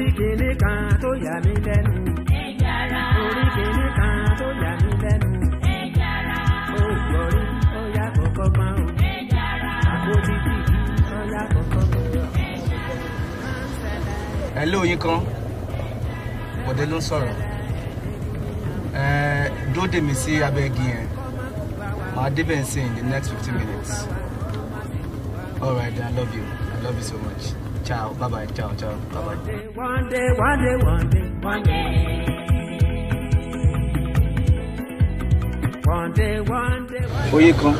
orí kìíní kan tó yà mí lẹ́nu. orí kìíní kan tó yà mí lẹ́nu. ó gbọ́rí ọ̀yà kọ̀ọ̀kan pa ó. àpótí tìjú ọ̀yà kọ̀ọ̀kan pa ó. ẹ lóyin kan bọ̀dé ló ń sọ̀rọ̀ dóde mi sí abẹ́ igi yẹn màá débẹ̀ ń sìn in the next fifteen minutes all right i love you i love you so much. Ciao, bye bye, ciao, ciao, bye bye. One day, one day, one day, one day. One day, one day. Oye kan,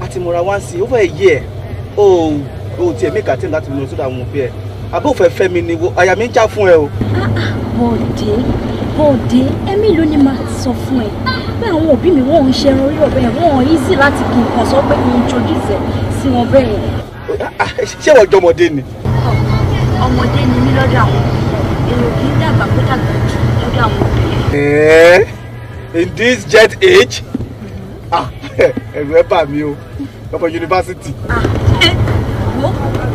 a ti mọ̀ra wá sí over a year. Oh, oh, tiẹ̀ mí kàtí láti lọ sódà àwọn òbí ẹ̀. Àbẹ́ òfẹ́ fẹ́ mi ni wo, àyà mi ń já fún ẹ o. Bọ̀dé, Bọ̀dé, one ló ní máa sọ fún ẹ. Bẹ́ẹ̀ àwọn òbí mi wọ́n ń ṣe ẹran orí ọ̀bẹ, easy láti kí nǹkan sọ pé introduce ẹ̀ sí wọn bẹ́ẹ̀ ṣé wọ́n jọmọdé ni. ọmọdé ni mí lọ́dọ̀ àwọn èrò kì í dàgbà kó dàgbà jù lọ́dọ̀ àwọn obìnrin. ẹ̀ẹ́ eh, in this jet age mm-hmm. ah, ẹ̀rù ẹ̀ bà mí o lọ́pọ̀ yunifásitì. Ah, eh, wo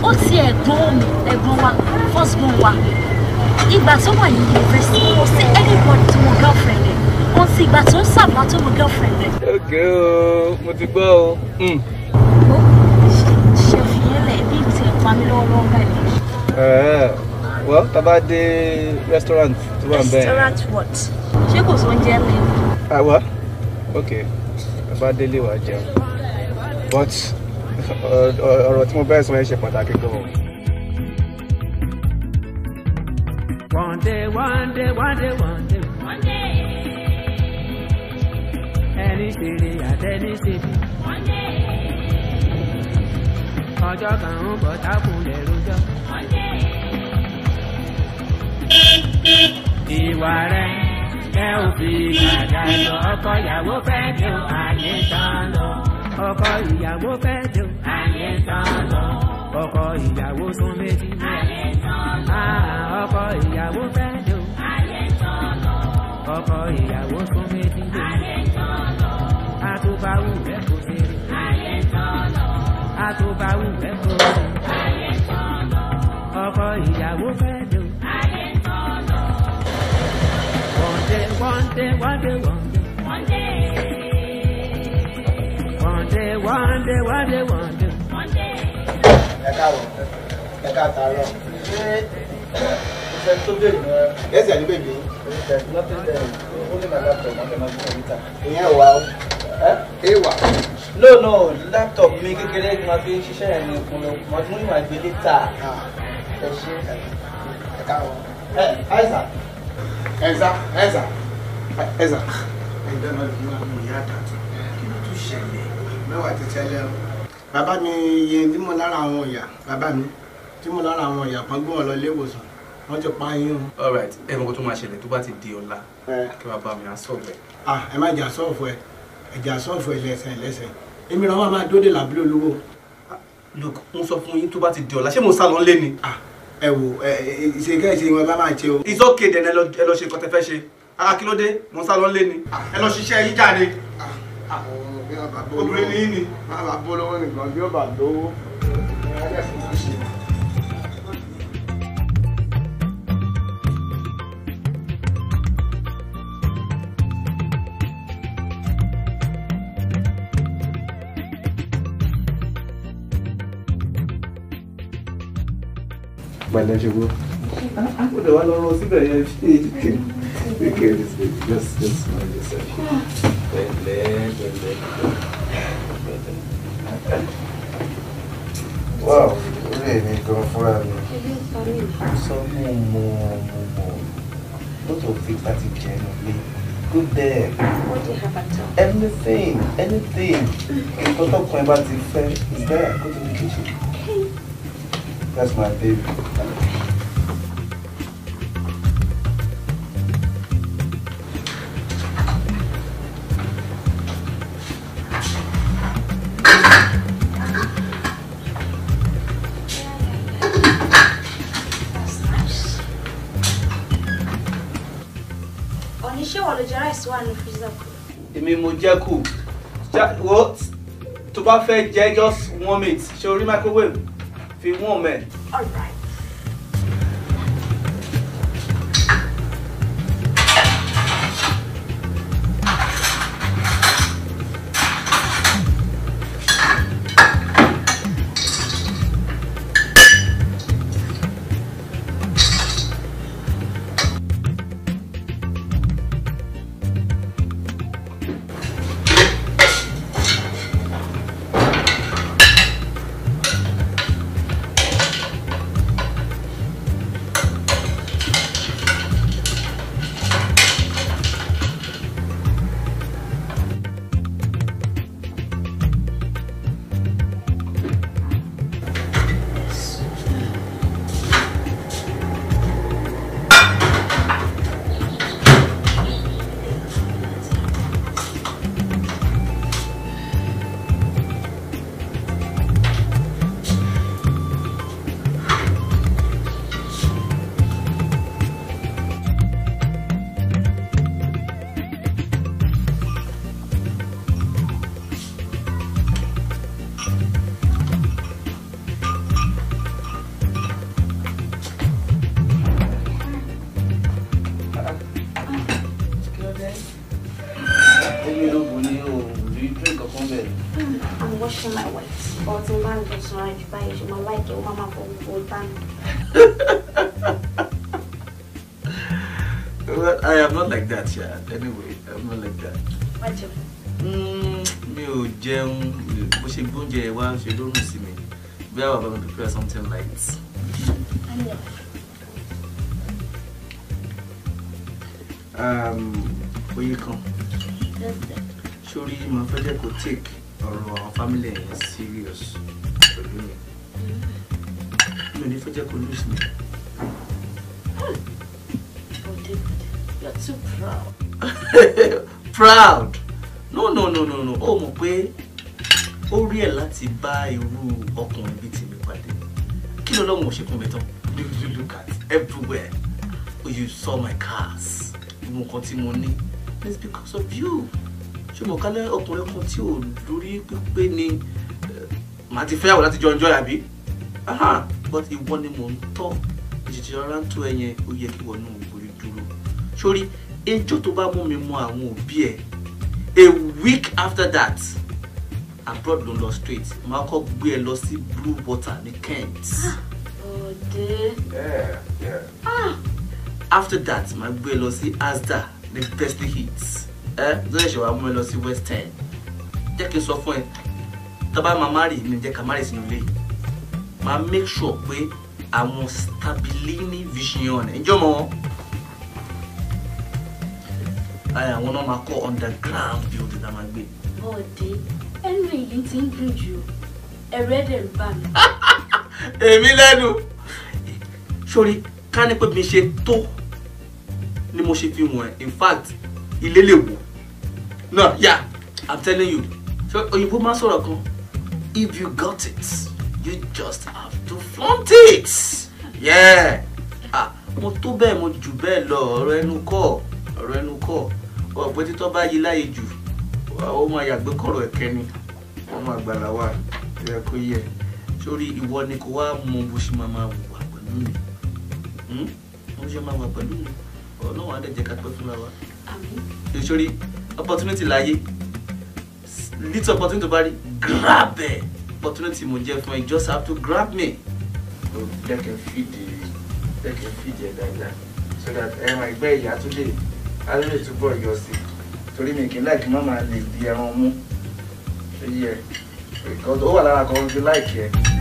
ó ti ẹ̀gbọ́n mi ẹ̀gbọ́n wa first born wa ìgbà tó wà ní yunifásitì kò sí anybody tó mọ girlfriend rẹ̀ wọ́n ti ìgbà tó ń sàbọ̀ tó mọ girlfriend rẹ̀. ok o mo ti gbọ́ o. Mm. Uh, well about the restaurant tó wà restaurant what? ṣé kò sọ oúnjẹ mi. àwa ah, ok tá a bá but ọ̀rọ̀ tí mo bẹ́ẹ̀ sọ yẹn ṣe pàtàkì gan one day, one day, one day. One day. Any city at any city. One day ọjọ́ kan ń bọ̀ tákùnlẹ̀ rojọ́. ìwà rẹ̀ ẹ ò fi gàgà lọ ọkọ ìyàwó fẹ́ dé o àyè tán lọ ọkọ ìyàwó fẹ́ dé o àyè tán lọ ọkọ ìyàwó sún méjì àyè tán lọ ah, ọkọ ìyàwó fẹ́ dé o àyè tán lọ ọkọ ìyàwó sún méjì lọ àtúbáwù rẹ̀ kò ṣeré àyè tán lọ àtòbáwù fẹ́ kó o. ọkọ ìyàwó fẹ́ lò. wọ́ndé wọ́ndé wọ́ndé wọ́ndé. wọ́ndé wọ́ndé wọ́ndé wọ́ndé. ẹ káàárọ̀ ẹ káàtàárọ̀ ṣé ṣe tó bèrè ní ẹ. ẹsẹ̀ ní bèbí. ìyẹn wà ó ewa. no no laptop mi kékeré ni màá fi ń ṣiṣẹ́ yẹn ní ìpínlẹ̀ màá tún ìwà ìgbélé ta. Ah, ẹ ṣe ẹ káwọ. ẹ ẹza ẹza ẹza ẹza. ẹgbẹ́ máa fi máa mú ìyá àtàtà kí ló tún ṣẹlẹ̀ mẹ́wàá tẹ̀tẹ̀ lẹ́rù. bàbá mi iye tí mo lára àwọn ìyá bàbá mi tí mo lára àwọn ìyá kan gbọ́n lọ ilé ìwòsàn wọ́n ti pa yín o. all right ẹ mọ̀ kó tó máa ṣẹlẹ̀ tó bá ti di ọ̀la kí bàbá mi á sọ̀rọ̀ ah ẹ má jà sọ̀rọ̀ fún ẹ̀jẹ̀ àsọ́ọ̀fù ẹlẹ́sẹ̀ ẹlẹ́sẹ̀ èmi ràn wá máa dóde làbílẹ̀ olówó. look mo sọ fún yín tó bá ti di ọ̀la ṣé mo sá lọ lé ni. ẹ wo ṣe kẹ́ ẹ ṣe wọn bá máa ṣe o. it's okay dẹ̀ ẹ lọ ṣe nǹkan tẹ fẹ́ ṣe ara ah, kí ló dé mo sá lọ lé ni ẹ lọ ṣiṣẹ́ yín jáde. obìnrin ni yín ni. má bàa bọ́ lọ́wọ́ nìkan bí ó bá lówó. ẹ pẹ̀lẹ́ ṣogbó. àkùdẹ̀ wa lọ síbẹ̀ yẹn ṣe take care of this baby just just mind yourself pẹ̀lẹ́ pẹ̀lẹ́ pẹ̀lẹ́. wow orí èmi gan fúnra mi sọ mú mú mú mú lọ́tọ̀ fi pàtì jẹ́ ẹnu lé good there. What do you have at all? Anything, anything. Nǹkan tó kàn ẹ bá ti fẹ́ is there, go to the kitchen. That's my baby. èmi mo jẹ́ kù wo tó bá fẹ́ jẹ́ just warm it. ṣe orí microwave be woman. Eh? All right. oúnjẹ wa ń you lóhùn sí me. We are bàbá to prepare something light. Um, oyin kan sórí Surely my father could take our family yẹn serious pẹ̀lú mi mi ò ní fẹ́ jẹ́ kó lose me. Oh, You're too proud. proud? No, no, no, no, no. Oh, my boy ó rí ẹ̀ láti bá irú ọkùnrin bíi tèmi pàdé kí ló lọ́wọ́ òṣèkùn mi tán you look at everywhere oh, you saw my cars ìmọ̀ kan tí mo ní it's because of you ṣùgbọ́n kálẹ̀ ọkùnrin kan tí ò lórí pípé ni eh, màá ti fẹ́yàwó láti jọ ọjọ́ àbí but ìwọ ni mò ń tọ́ ìṣèjì rárá ń tó ẹyẹn ó yẹ kí wọ́n nù orí dúró sórí ejò tó bá mú mi mọ àwọn òbí ẹ̀ a week after that abroad ló ń lọ straight màá kọ́ gbé ẹ lọ sí blue water ní Kent. Ah, ọ̀dẹ́. Yeah, yeah. Ah. after that màá gbé ẹ lọ sí asda ní Berkeley Hills ẹ lóye ṣe wàá mú ẹ lọ sí West End jẹ́ kí n sọ fún ẹ tábà máa má rí ní jẹ́ ká má rí sínú ilé màá make sure pé àwọn stabilini vision ẹ̀ ń jọ́ mọ́ wọn àwọn náà máa kọ́ underground building náà máa Henry yìí ti ń dùn jù ẹ̀rù ẹ̀dẹ̀ ń bà mí. èmi lẹ́nu sórí ká ní pé mi ṣe tó ni mo ṣe fi wọ̀n ẹ̀ in fact ilé lè wò náà yà i'm telling you so òyìnbó máa sọ̀rọ̀ kan if you got it you just have to flaunt it yeah ah mo tó bẹ́ẹ̀ mo jù bẹ́ẹ̀ lọ ọ̀rọ̀ ẹnu kọ́ ọ̀rọ̀ ẹnu kọ́ ọ̀pẹ́ títọ́ bá yí láyé jù ó máa yàgbé kọ̀rọ̀ ẹ̀kẹ́ ni ọmọ àgbàlá wa ẹ kó yẹ sórí ìwọ ni kò wá mọ bó ṣe máa máa wà pẹ̀lú mi hmm? bó ṣe máa wà pẹ̀lú mi ọlọ́run á dẹ̀ jẹ́ ká pẹ́ fúnra wa sórí opportunity láyé little opportunity tó bá rí grab ẹ̀ opportunity mo jẹ́ fún ẹ you just have to grab me. jẹ́ kí n fìdí jẹ́ kí n fìdí ẹ̀ dáadáa so that ẹran ẹgbẹ́ ìyá tó lè á lè túbọ̀ yọ sí i torí mi kì í láìkì má máa lè di ẹran mú ó yẹ ó wà lára kan ó fi láìkì ẹ.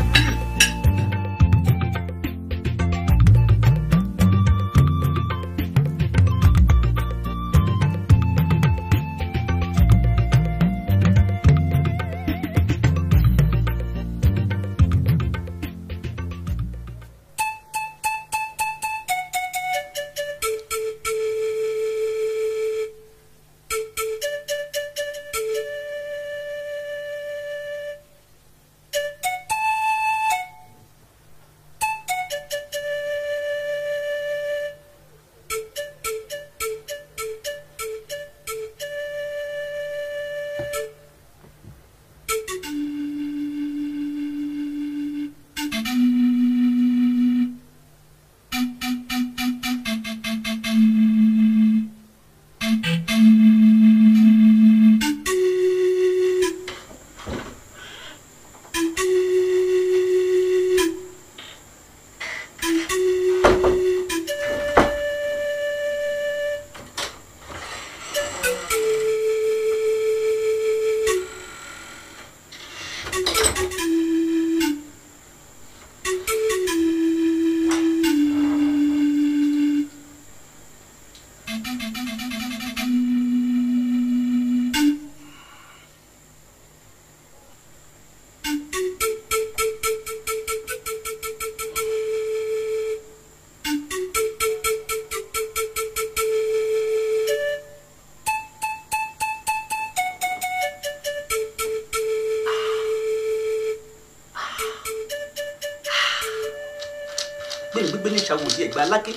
ẹ̀gbá lákè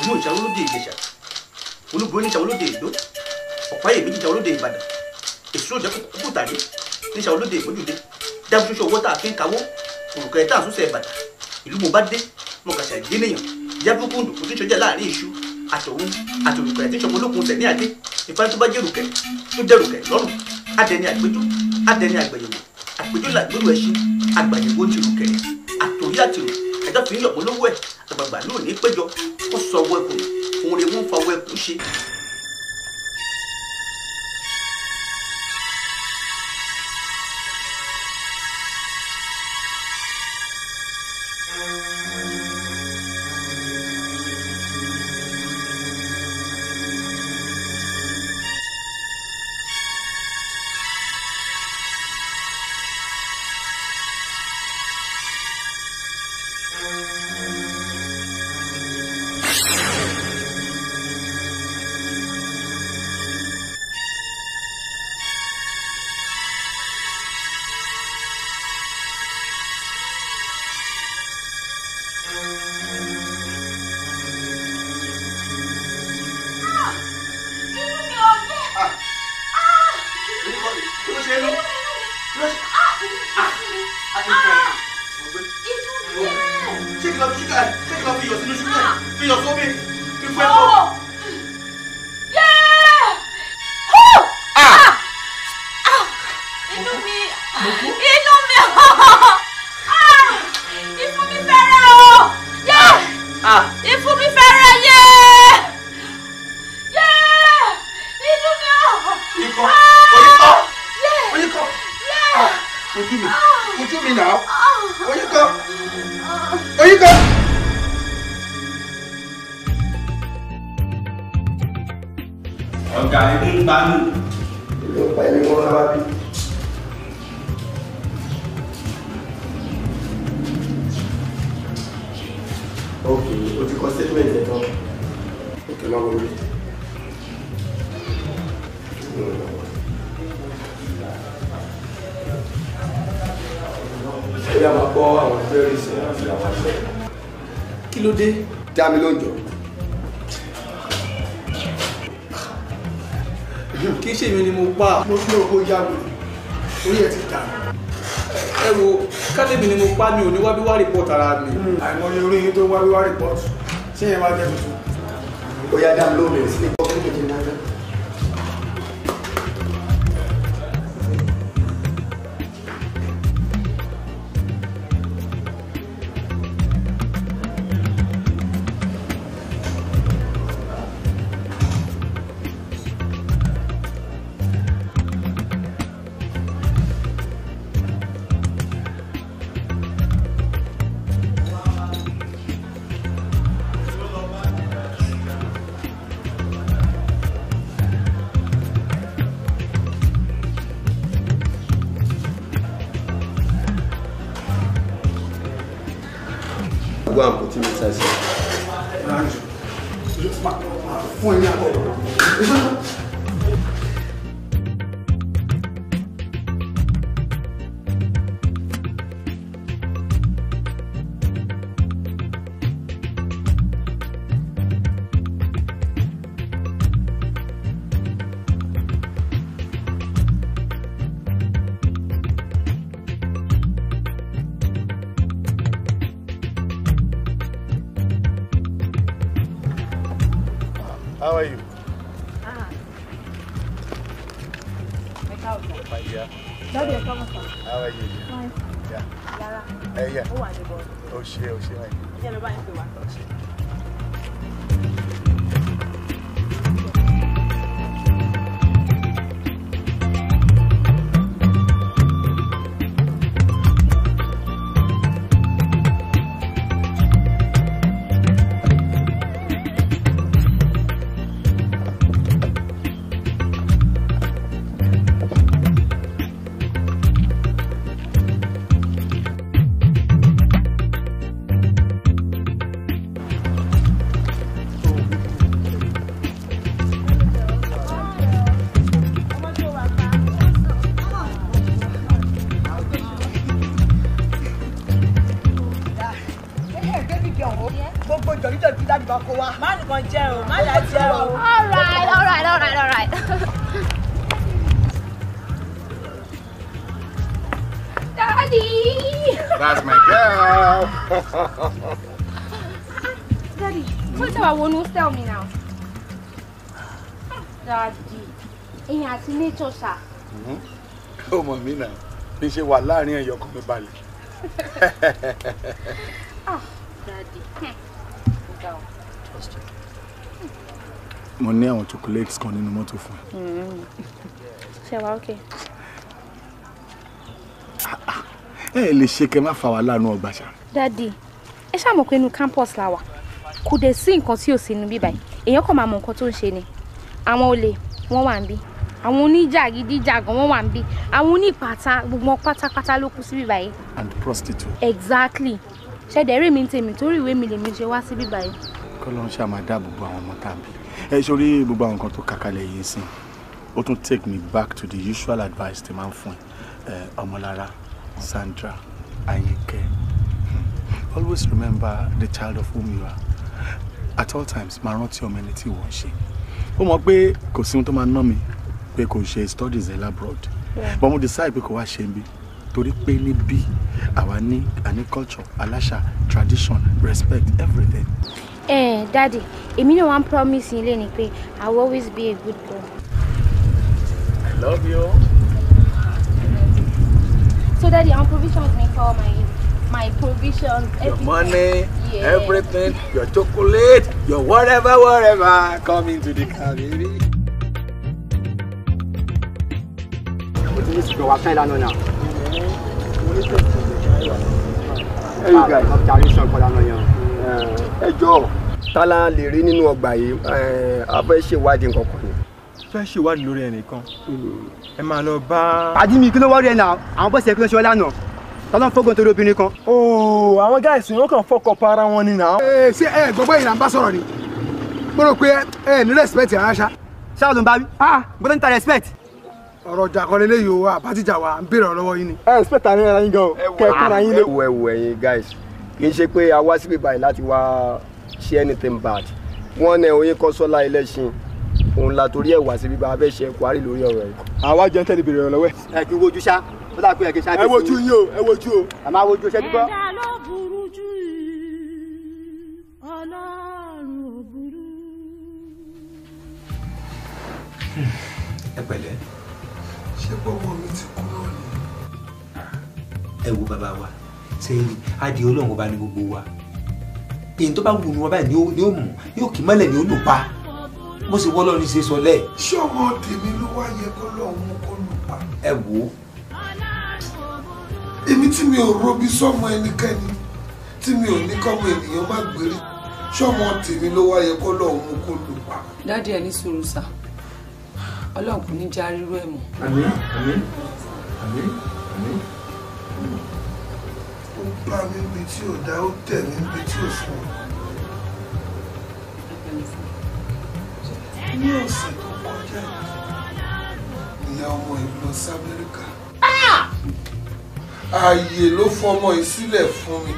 ìlú ìṣàwọ́ lóde ìjẹ̀ṣà olúborí níṣàwọ́ lóde ìdó ọ̀pá èmi níṣàwọ́ lóde ìbàdàn èso òjẹ́ kúkú tàdé níṣàwọ́ lóde ìmójúde dábùú ṣoṣo owó tá a fi ń kawó òrùka ẹ̀ta àsúnṣe ẹ̀bàdàn ìlú mo bá dé mo kà ṣàìdí nìyàn jábùkù ndòkú tí ń ṣọjà láàrin iṣu àtòun àtòrùkẹ̀ tí ń ṣọmọ olókun tẹ̀ ní adé ìfẹ́ tó bá jẹ́ rùkẹ̀ tó jẹ́ rùkẹ̀ lọ́rùn adẹni àgbéjò adẹni àgbẹ̀yẹ̀wò àgbéjò làgbérò ẹṣin àgbàyẹ̀wò ti rùkẹ̀ àtòyí àtìrò ẹ̀dá fi ń yọ̀pọ̀ lówó ẹ̀ àgbààgbà lónìí péjọ kó sọ ọwọ́ òun rè wọ́n fa ọwọ́ ṣe lọ́wọ́ àwọn fẹ́rẹ́ sí àti àwọn àṣẹ. kí ló dé. dá mi lóúnjọ. kì í ṣe èmi ni mo pa. mo fi owó yá mi orí ti dà. ẹ wo kálíbi ni mo pa mi ò ní wábí wá rìpọ́tì ara mi. Hmm. àìmọye orí yín tó wábí wá rìpọ́tì ṣé yẹn wá jẹ́ tuntun. ó dá mi lóúnjẹ sílẹ̀. Daddy, what's our one who's tell me now? Daddy, ẹ̀yin a nature, sir. Ó mọ̀ mí náà, bí ṣe wà láàrin ẹ̀yọ̀ kan mi Ah, Daddy. Mo ní àwọn chocolates kan nínú mọ́tò fún ẹ. Mm-hmm. Ṣé wàá ókè? Ah, ah. Ẹ lè ṣe kẹ́ má fa wàhálà nù ọgbà ṣáà dadi ẹ ṣáà mọ̀ pé inú campus la wà kò dẹ̀ sí nǹkan tí ò sí inú bíbá yìí èèyàn kàn máa mọ nǹkan tó ń ṣe ni àwọn olè wọ́n wà ń bí àwọn oníjàgídíjàgan wọ́n wà ń bí àwọn onípàtà gbogbo pátápátá ló kú sí bíbá yìí. and prostitute. exactly ṣẹ̀dẹ̀ rèmi ń tèmi torí ìwé mi lèmi ṣe wá sí bíbá yìí. kọ́lọ́n ṣáà máa dáàbò bo àwọn ọmọ tàbí ẹ sórí gbogbo àwọn nǹkan tó kàkálẹ̀ yìí sìn ó tún take me back to the usual advice tí máa ń fún ẹ ọmọlára Sandra Ayinke always remember the child of whom you are at all times máa rántí ọmọ ẹni tí wọ́n ṣe ó mọ̀ pé kò sí ohun tó máa ná mi pé kò ṣe studies ẹ̀ labroad but mo decide pé kò wá ṣe níbí torí pé níbí àwa ní àní culture aláṣà tradition respect everything. ẹ ẹ dadi èmi náà wọn promise yín lẹ́ni pé i will always be a good girl. i love you. so dadi àwọn provisions mi for my my provisions, your money, yeah. everything, your chocolate, your whatever, whatever. Come into the car, baby. Hey, you guys. Ẹ jọ̀ọ́, ta la lè rí nínú ọgbà yìí? Eh, a fẹ́ ṣèwádìí nǹkan kan ni fẹ́ ṣèwádìí lórí ẹnìkan hmm. ẹ máa lọ bá. àdìmí kí ló wá rí ẹ náà àwọn bọ́sẹ̀ kí ló ṣe ọ lánàá tọ́lá ń fọ́gùn torí obìnrin kan. ooo oh, àwọn guys wọn kàn fọkọ pa ara wọn ni nà. ee eh, ṣé ẹ eh, gbogbo ìlànà bá sọ̀rọ̀ ni mo rò pé ẹ eh, ní respect ara ṣá. ṣáà ló ń bá wí. ah gbọ́dọ̀ níta respect. ọ̀rọ̀ ìjà kan lélẹ́yìí o àbájíjà wa ń béèrè lọ́wọ́ yín ni. ẹ respect ara yín ara yín gan o kẹ́ẹ̀kan ara yín lé. ẹwù ẹwù ẹyin guys kì í ṣe pé a wá síbí báyìí láti wá ṣe anything bad wọn ní oyin Kọ́sọ́lá Ẹlẹ́ṣin òun la torí ẹ̀ wá síbí bá a fẹ́ ṣe ẹ̀kọ́ àrí lórí ọ̀rọ̀ yìí. àwa jẹ́ ń tẹ́lẹ̀ bèrè ọ̀rọ̀ lọ́wọ́ ẹ̀. ẹ kí n wojú ṣá ó dà pé ẹ̀kẹ́ ṣáà ẹ wojú yín o ẹ wojú o. àmọ́ àwojú ṣẹ́ dúpọ́. ẹ̀dá ló burú jù ọlọ́run ò burú. ẹ pẹ̀lẹ́ ṣé bọ́wọ́ mi ti kúrò ni. ẹ wo bàbá wa ṣe adìẹ ọlọ́run ọba ni gbogbo wa èyí tó bá wù ní wọn báyìí ni ó mú yóò kì í mọ́lẹ̀ ni ó lù pa bó ṣe wọ́ lọ́run ṣe sọ lẹ́ẹ̀. ṣé ọmọ tèmi ló wá yẹ kó lọ́ọ́ mú kó lù pa. ẹ wo èmi tí mi ò robi sọ́mọ ẹnikẹ́ni tí mi ò ní kọ́mọ ènìyàn má gbèrè sọ́mọ tèmi ló wáyé kọ́ lọ́hùn mú kó lù pa. dáàdi ẹ ní sùúrù sá ọlọ́run ní já rírú ẹ̀ mọ́. àmín àmín àmín àmín. ó bá mi bí tí ò dá ó tẹ̀ mí bí tí ò fún ní ọ̀sẹ̀ tó kọjá ìyá ọmọ ìlú lọ sí amẹ́ríkà. Ah! ààyè ló fọmọ yìí sílẹ̀ fún mi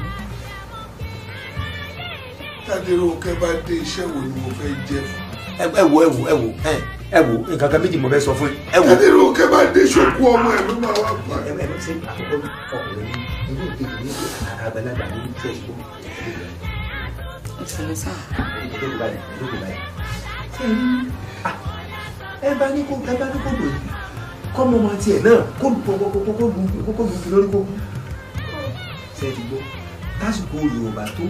tádérónkẹ́ bá dé iṣẹ́ wo ni mo fẹ́ jẹ́ fún ẹ wo ẹ wo ẹ wo ẹ ẹ wo nǹkan kan méjì mo fẹ́ sọ fún yín ẹ wo. tádérónkẹ́ bá dé ṣòkú ọmọ ẹ ló máa wá pa. ẹ bẹ ṣe àkọ́kọ́ ọkùnrin inú ìdíje ní àgbàlagbà ní ìjọ ìgbó. ìṣòro sáà. lóko báyìí lóko báyìí. ẹ bá ní kó ẹ bá ní kó lòdì kọ́mọ ọmọ tiẹ̀ náà kó kókó lu lórí kó ṣe ti gbó tásìkò Yorùbá tó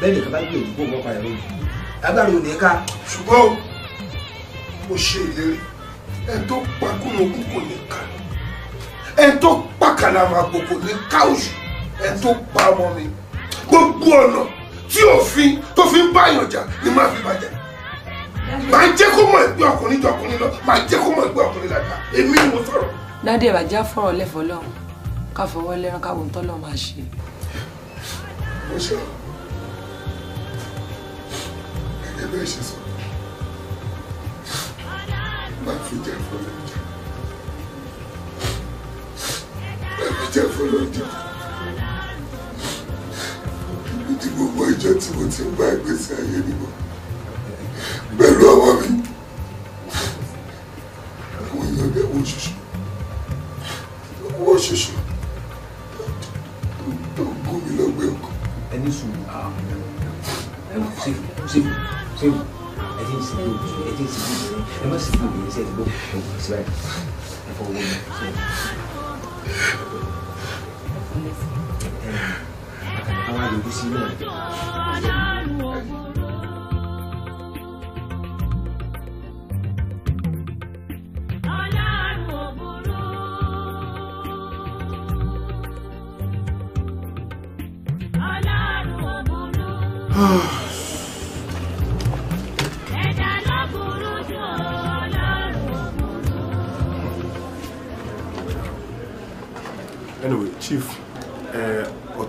bẹ́ẹ̀ nìkan bá gbé òdìgbò wọn padà lójú agbára ò ní ká. ṣùgbọ́n mo ṣe ìlérí ẹ tó pakúnú kúkú nìkan ẹ tó pàkàlà àmàgbòkò ní káwùsù ẹ tó pa ọmọ mi gbogbo ọ̀nà tí òfin tó fi ń báyàn jà ni má fi bàjẹ́ máa jẹ́ kó mọ̀ ẹgbẹ́ ọkùnrin jọ ọkùnrin lọ máa jẹ́ kó mọ̀ ẹgbẹ́ ọkùnrin làjà èmi ni mo sọ̀rọ̀. dádì ẹ̀bà já fọ̀rọ̀ lẹ́fọ̀ọ́ lọ́hùn ká fọwọ́ lẹ́rán káwọ́ ń tọ́lọ́ máa ṣe. mo ṣe gẹ́gẹ́ bẹ́ẹ̀ ṣe sọ máa fi jẹ́ fún lóúnjẹ fi jẹ́ fún lóúnjẹ gbogbo ìjọ tí mo ti ń bá ìgbésí ayé nìbọn lọ́wọ́ mi àwọn èèyàn bẹ́ẹ̀ wọ́n ṣoṣo wọ́n ṣoṣo tó gún mi lọ́gbẹ́ ọkọ̀. ẹni sùn ẹwọ sèwù sèwù sèwù ẹ ti ń sèwù ẹ ti ń sèwù ẹ má sèwù ẹ ti ń sèwù ẹ ti ń sèwù ẹ fọwọ́ ẹ fọwọ́ ẹ fọwọ́.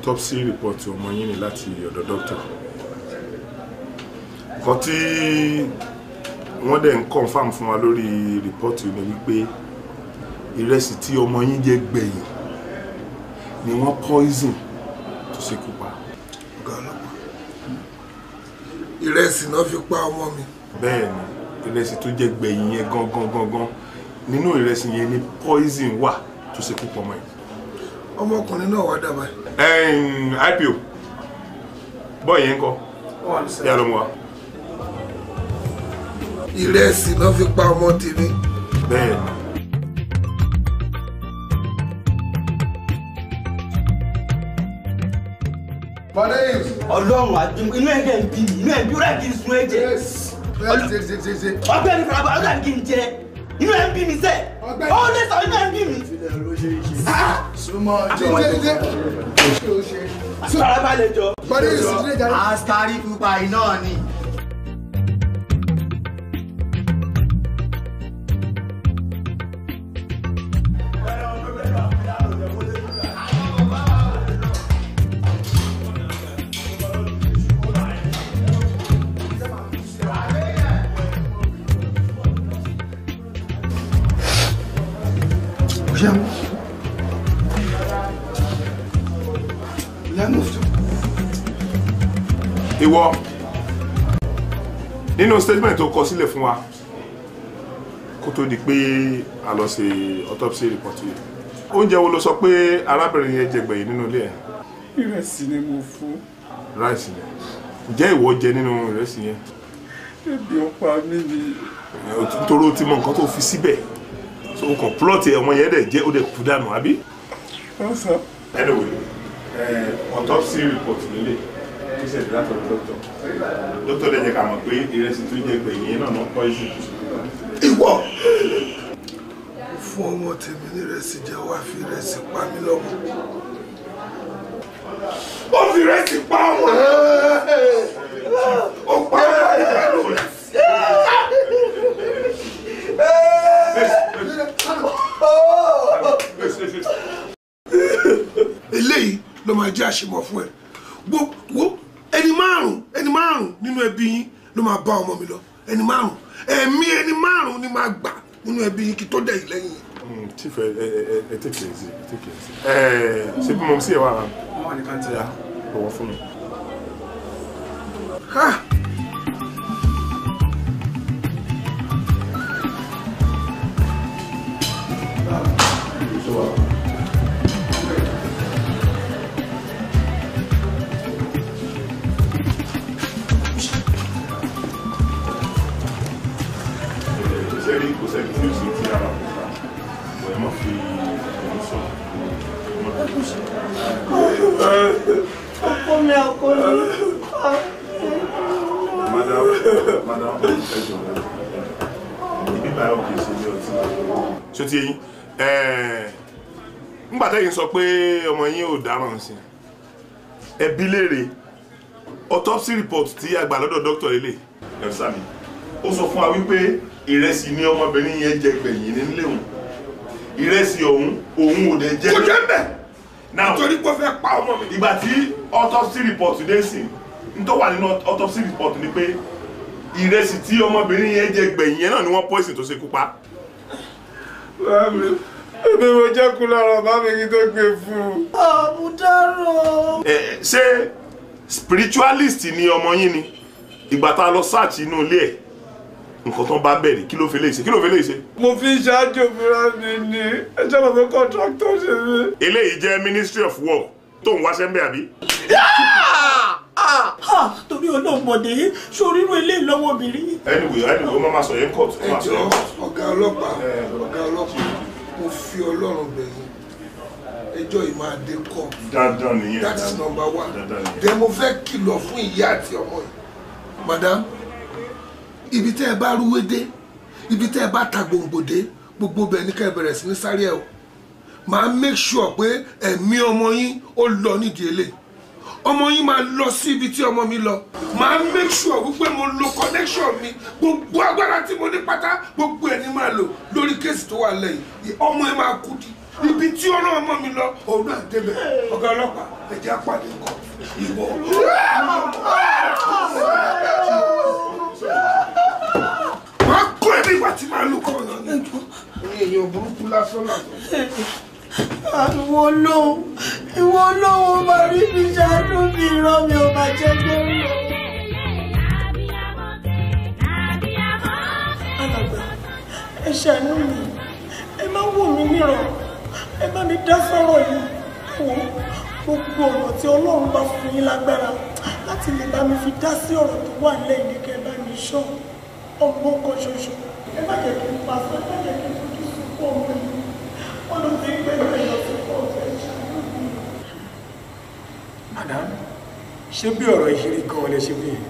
autopsy report ọmọ yín ni láti ọ̀dọ̀ doctor nǹkan tí wọ́n dẹ̀ ń confam fún wa lórí report ni wípé ìrẹsì tí ọmọ yín jẹ gbẹ̀yìn ni wọ́n poison tó ṣekú pa. ọ̀gá ọlọ́pàá ìrẹsì náà fi pa ọmọ mi. bẹ́ẹ̀ni ìrẹsì tó jẹ gbẹ̀yìn yẹn gangan gangan nínú ìrẹsì yẹn ni poison wà tó ṣekú pa ọmọ yìí ọmọkùnrin náà wá dàbà. ipo bọ́ọ̀ yẹn ń kọ́ yà ló mú wa. ìrẹsì ló fi pa ọmọ tèmi. bẹ́ẹ̀ ni. ọlọ́run àdúgbò inú ẹ̀jẹ̀ ń bí mi inú ẹ̀jẹ̀ rẹ̀ kì í sun ẹ̀jẹ̀ ọgbẹ́ni faraba ọgbẹ́ni kì í jẹ inú ẹ̀ ń bí mi sẹ́ ọ́ lẹ́sàn inú ẹ̀ ń bí mi súnmọ́ jọ ṣe o ṣe. àtàrà balẹ̀ jọ. gbọ́dọ̀ yìí sì ti lè jáde. astari pupa iná ni. nínú statement tó kọ sílẹ̀ fún wa kó tó di pé a lọ ṣe autopsy report yìí oúnjẹ wo ló sọ pé arábìnrin yẹn jẹ gbẹ̀yìn nínú ilé ẹ̀. ìrẹsì ni mo fún. ráìsì ni ǹjẹ́ ìwọ jẹ nínú ìrẹsì yẹn. ebi ọ̀pá mi ni. nítorí o ti mọ nǹkan tó fi síbẹ̀ so o kàn plọ́ọ̀tì ẹ̀wọ̀n yẹn dẹ̀ jẹ́ ó dẹ̀ kú dànù àbí. ọ̀sán. anyway eh, autopsy report nílé except that of doctor doctor lè jẹ́ ká mọ̀ pé ìrẹsì tó jẹ́ pé ìyẹn náà ló pọ̀ jù. ìwọ fún ọmọ tèmi ní ìrẹsì jẹ́ wá fi ìrẹsì pa mí lọ́mọ ó fi ìrẹsì pa ọmọ ó pa ọmọ ìrẹsì rẹ. eléyìí ló máa jẹ́ àṣemọ̀ fún ẹ gbogbo ẹni márùn ẹni márùn nínú ẹbí yín ló máa bá ọmọ mi lọ ẹni márùn ẹ̀mí ẹni márùn ni máa gbà nínú ẹbí yín kí tó dẹ̀ yìí lẹ́yìn. Hmm, chief ẹ ẹ ẹ ẹ take it easy take it easy. ẹ ẹ ṣe bí mo sí ẹ wá. mo wà ní kàńtì yá. bọ̀wọ̀ fún mi. pé ọmọ yín ò dáràn sí ẹbí léèrè autopsy report tí a lọ́dọ̀ dókítà lélẹ̀ ó sọ fún wa wípé ìrẹsì ni ọmọbìnrin yẹn jẹ gbẹ̀yìn nílé òun ìrẹsì ọ̀hún òun ò dẹ̀ jẹ́ kó pa ọmọ mi. ìgbà tí autopsy report dé sí n nínú autopsy report ni ọmọbìnrin yẹn jẹ gbẹ̀yìn èmi mo jẹ́ kú lára bá mi kí tó gbé fún un. àbúdárò. ẹ ṣé spiritualist ni ọmọ yín ni ìgbà tá a lọ search inú ilé ẹ̀ nǹkan tán bá bẹ̀rẹ̀ kí ló fi lè ṣe kí ló fi lè ṣe. mo fi ṣáájú òmìnira mi ni ẹjọ́ bàbá contractor ṣe mí. eléyìí jẹ́ ministry of work tó ń wáṣẹ́ ń bẹ̀ àbí. Ah! Ah! torí olóòmọdé sórí irú ilé ìlọ́wọ́ obìnrin. anyway anyway ó máa sọ yẹn court. ẹ jọ ọgá ọlọ́pàá eh, ọgá ọlọ́pàá mo fi ọlọ́run bẹ̀yìn ẹjọ́ yìí máa dé kọ́ that is number one then mo fẹ́ kìlọ̀ fún ìyá àti ọmọ yìí madam ibi tẹ́ ẹ bá rúwé dé ibi tẹ́ ẹ bá ta gbòǹgbò gbogbo bẹ̀ ní ká sí ní sáré ẹ o máa make sure pé ẹ̀mí ọmọ yín ó lọ nídìí eléyìí ọmọ yín máa lọ sí ibi tí ọmọ mi lọ máa make sure wípé mo lo connection mi gbogbo agbára tí mo ní pátá gbogbo ẹ̀ ní máa lò lórí kéèsì tó wà lẹ́yìn ọmọ ẹ máa kú di ibi tí ọ̀nà ọmọ mi lọ òun náà débẹ̀ ọ̀gá ọlọ́pàá ẹ̀jẹ̀ apàdé kọ ìwọ. wọ́n kọ́ ẹ̀mí ìgbà tí màá lù kọ́ ọ̀nà ni èèyàn burúkú lásán làwọn. àwo lóhùn ìwọ ọlọ́wọ́ máa rí mi ṣàánú mi ràn mí ọba jẹ́ lórí. alàgbà ẹ ṣàánú mi ẹ má wò mí níran ẹ bá mi dá sọ́rọ̀ yìí wò gbogbo ọ̀rọ̀ tí ọlọ́run bá fún yín lágbára láti lè bá mi fi dá sí ọ̀rọ̀ tó wà lẹ́yìn ní kẹ́ bá mi ṣọ́ ọgbọ́n kan ṣoṣo ẹ má jẹ́ kí n pa sọ́ọ́ ẹ má jẹ́ kí n fojú sunkún ọmọ yìí wọ́n ló ti ń gbẹ́gbẹ́ lọ. madam ṣé bí ọ̀rọ̀ ìṣeré kan ọ̀lẹ́ ṣe bí yẹn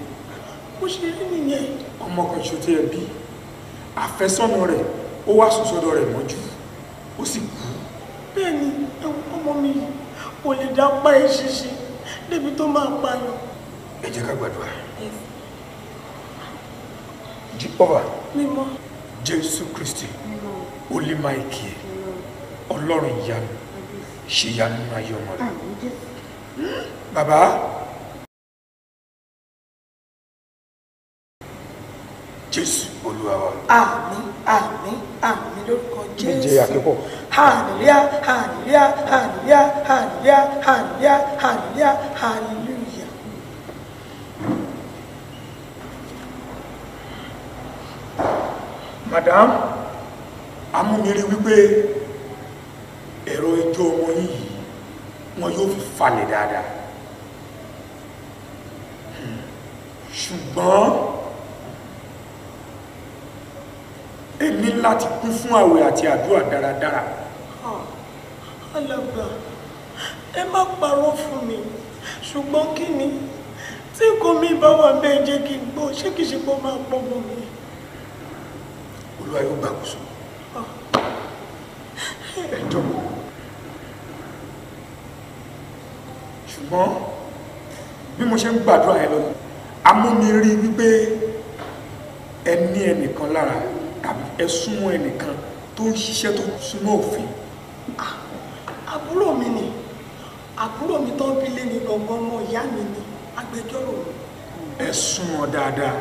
ó ṣe rí nìyẹn ọmọ kan ṣo tẹ́ ẹ bí àfẹ́sọ́nà rẹ̀ ó wá sùn sọ́dọ̀ rẹ̀ mọ́jú ó sì kú bẹ́ẹ̀ ni ẹ̀wọ̀n ọmọ mi kò lè dá pa ẹ̀ ṣíṣe débi tó máa payọ̀. ẹ jẹ́ ká gbàdúrà jípọ́wà jésù kristi olè máìkì ẹ̀ ọlọ́run ìyanu ṣèyanu ayé ọmọ rẹ̀. Baba, jésù olúwa wa. àmín àmín àmín lórúkọ jésù. ìjẹ àkẹ́kọ̀ọ́. hàníyá hàníyá hàníyá hàníyá hàníyá hàníyá hàníyá. madam amúmiri wípé ẹ̀rọ ijó ọmọ yìí wọn yóò falẹ̀ dáadáa. ṣùgbọ́n èmi láti kún fún àwẹ̀ àti àdúrà dáradára. Ah, alàgbà ẹ má parọ́ fún mi ṣùgbọ́n kí ni tí kò mí bá wà bẹ́ẹ̀ jẹ́ kí n gbọ́ ṣé kìí ṣe pé ó máa pọ̀ mọ́ mi. olúwa yóò gbàkóso ah. ẹ jọ̀wọ́ ṣùgbọ́n bí mo ṣe ń gbàdúrà ẹ lọ́nà amúnirí wípé ẹ ní ẹnìkan lára tàbí ẹ súnmọ́ ẹnìkan tó ń ṣiṣẹ́ tó súnmọ́ òfin. àbúrò mi ni àbúrò mi tó ń bí lé ní gbọ̀ngàn ọmọ ìyá mi ni agbẹjọ́rò mi. ẹ súnmọ́ dáadáa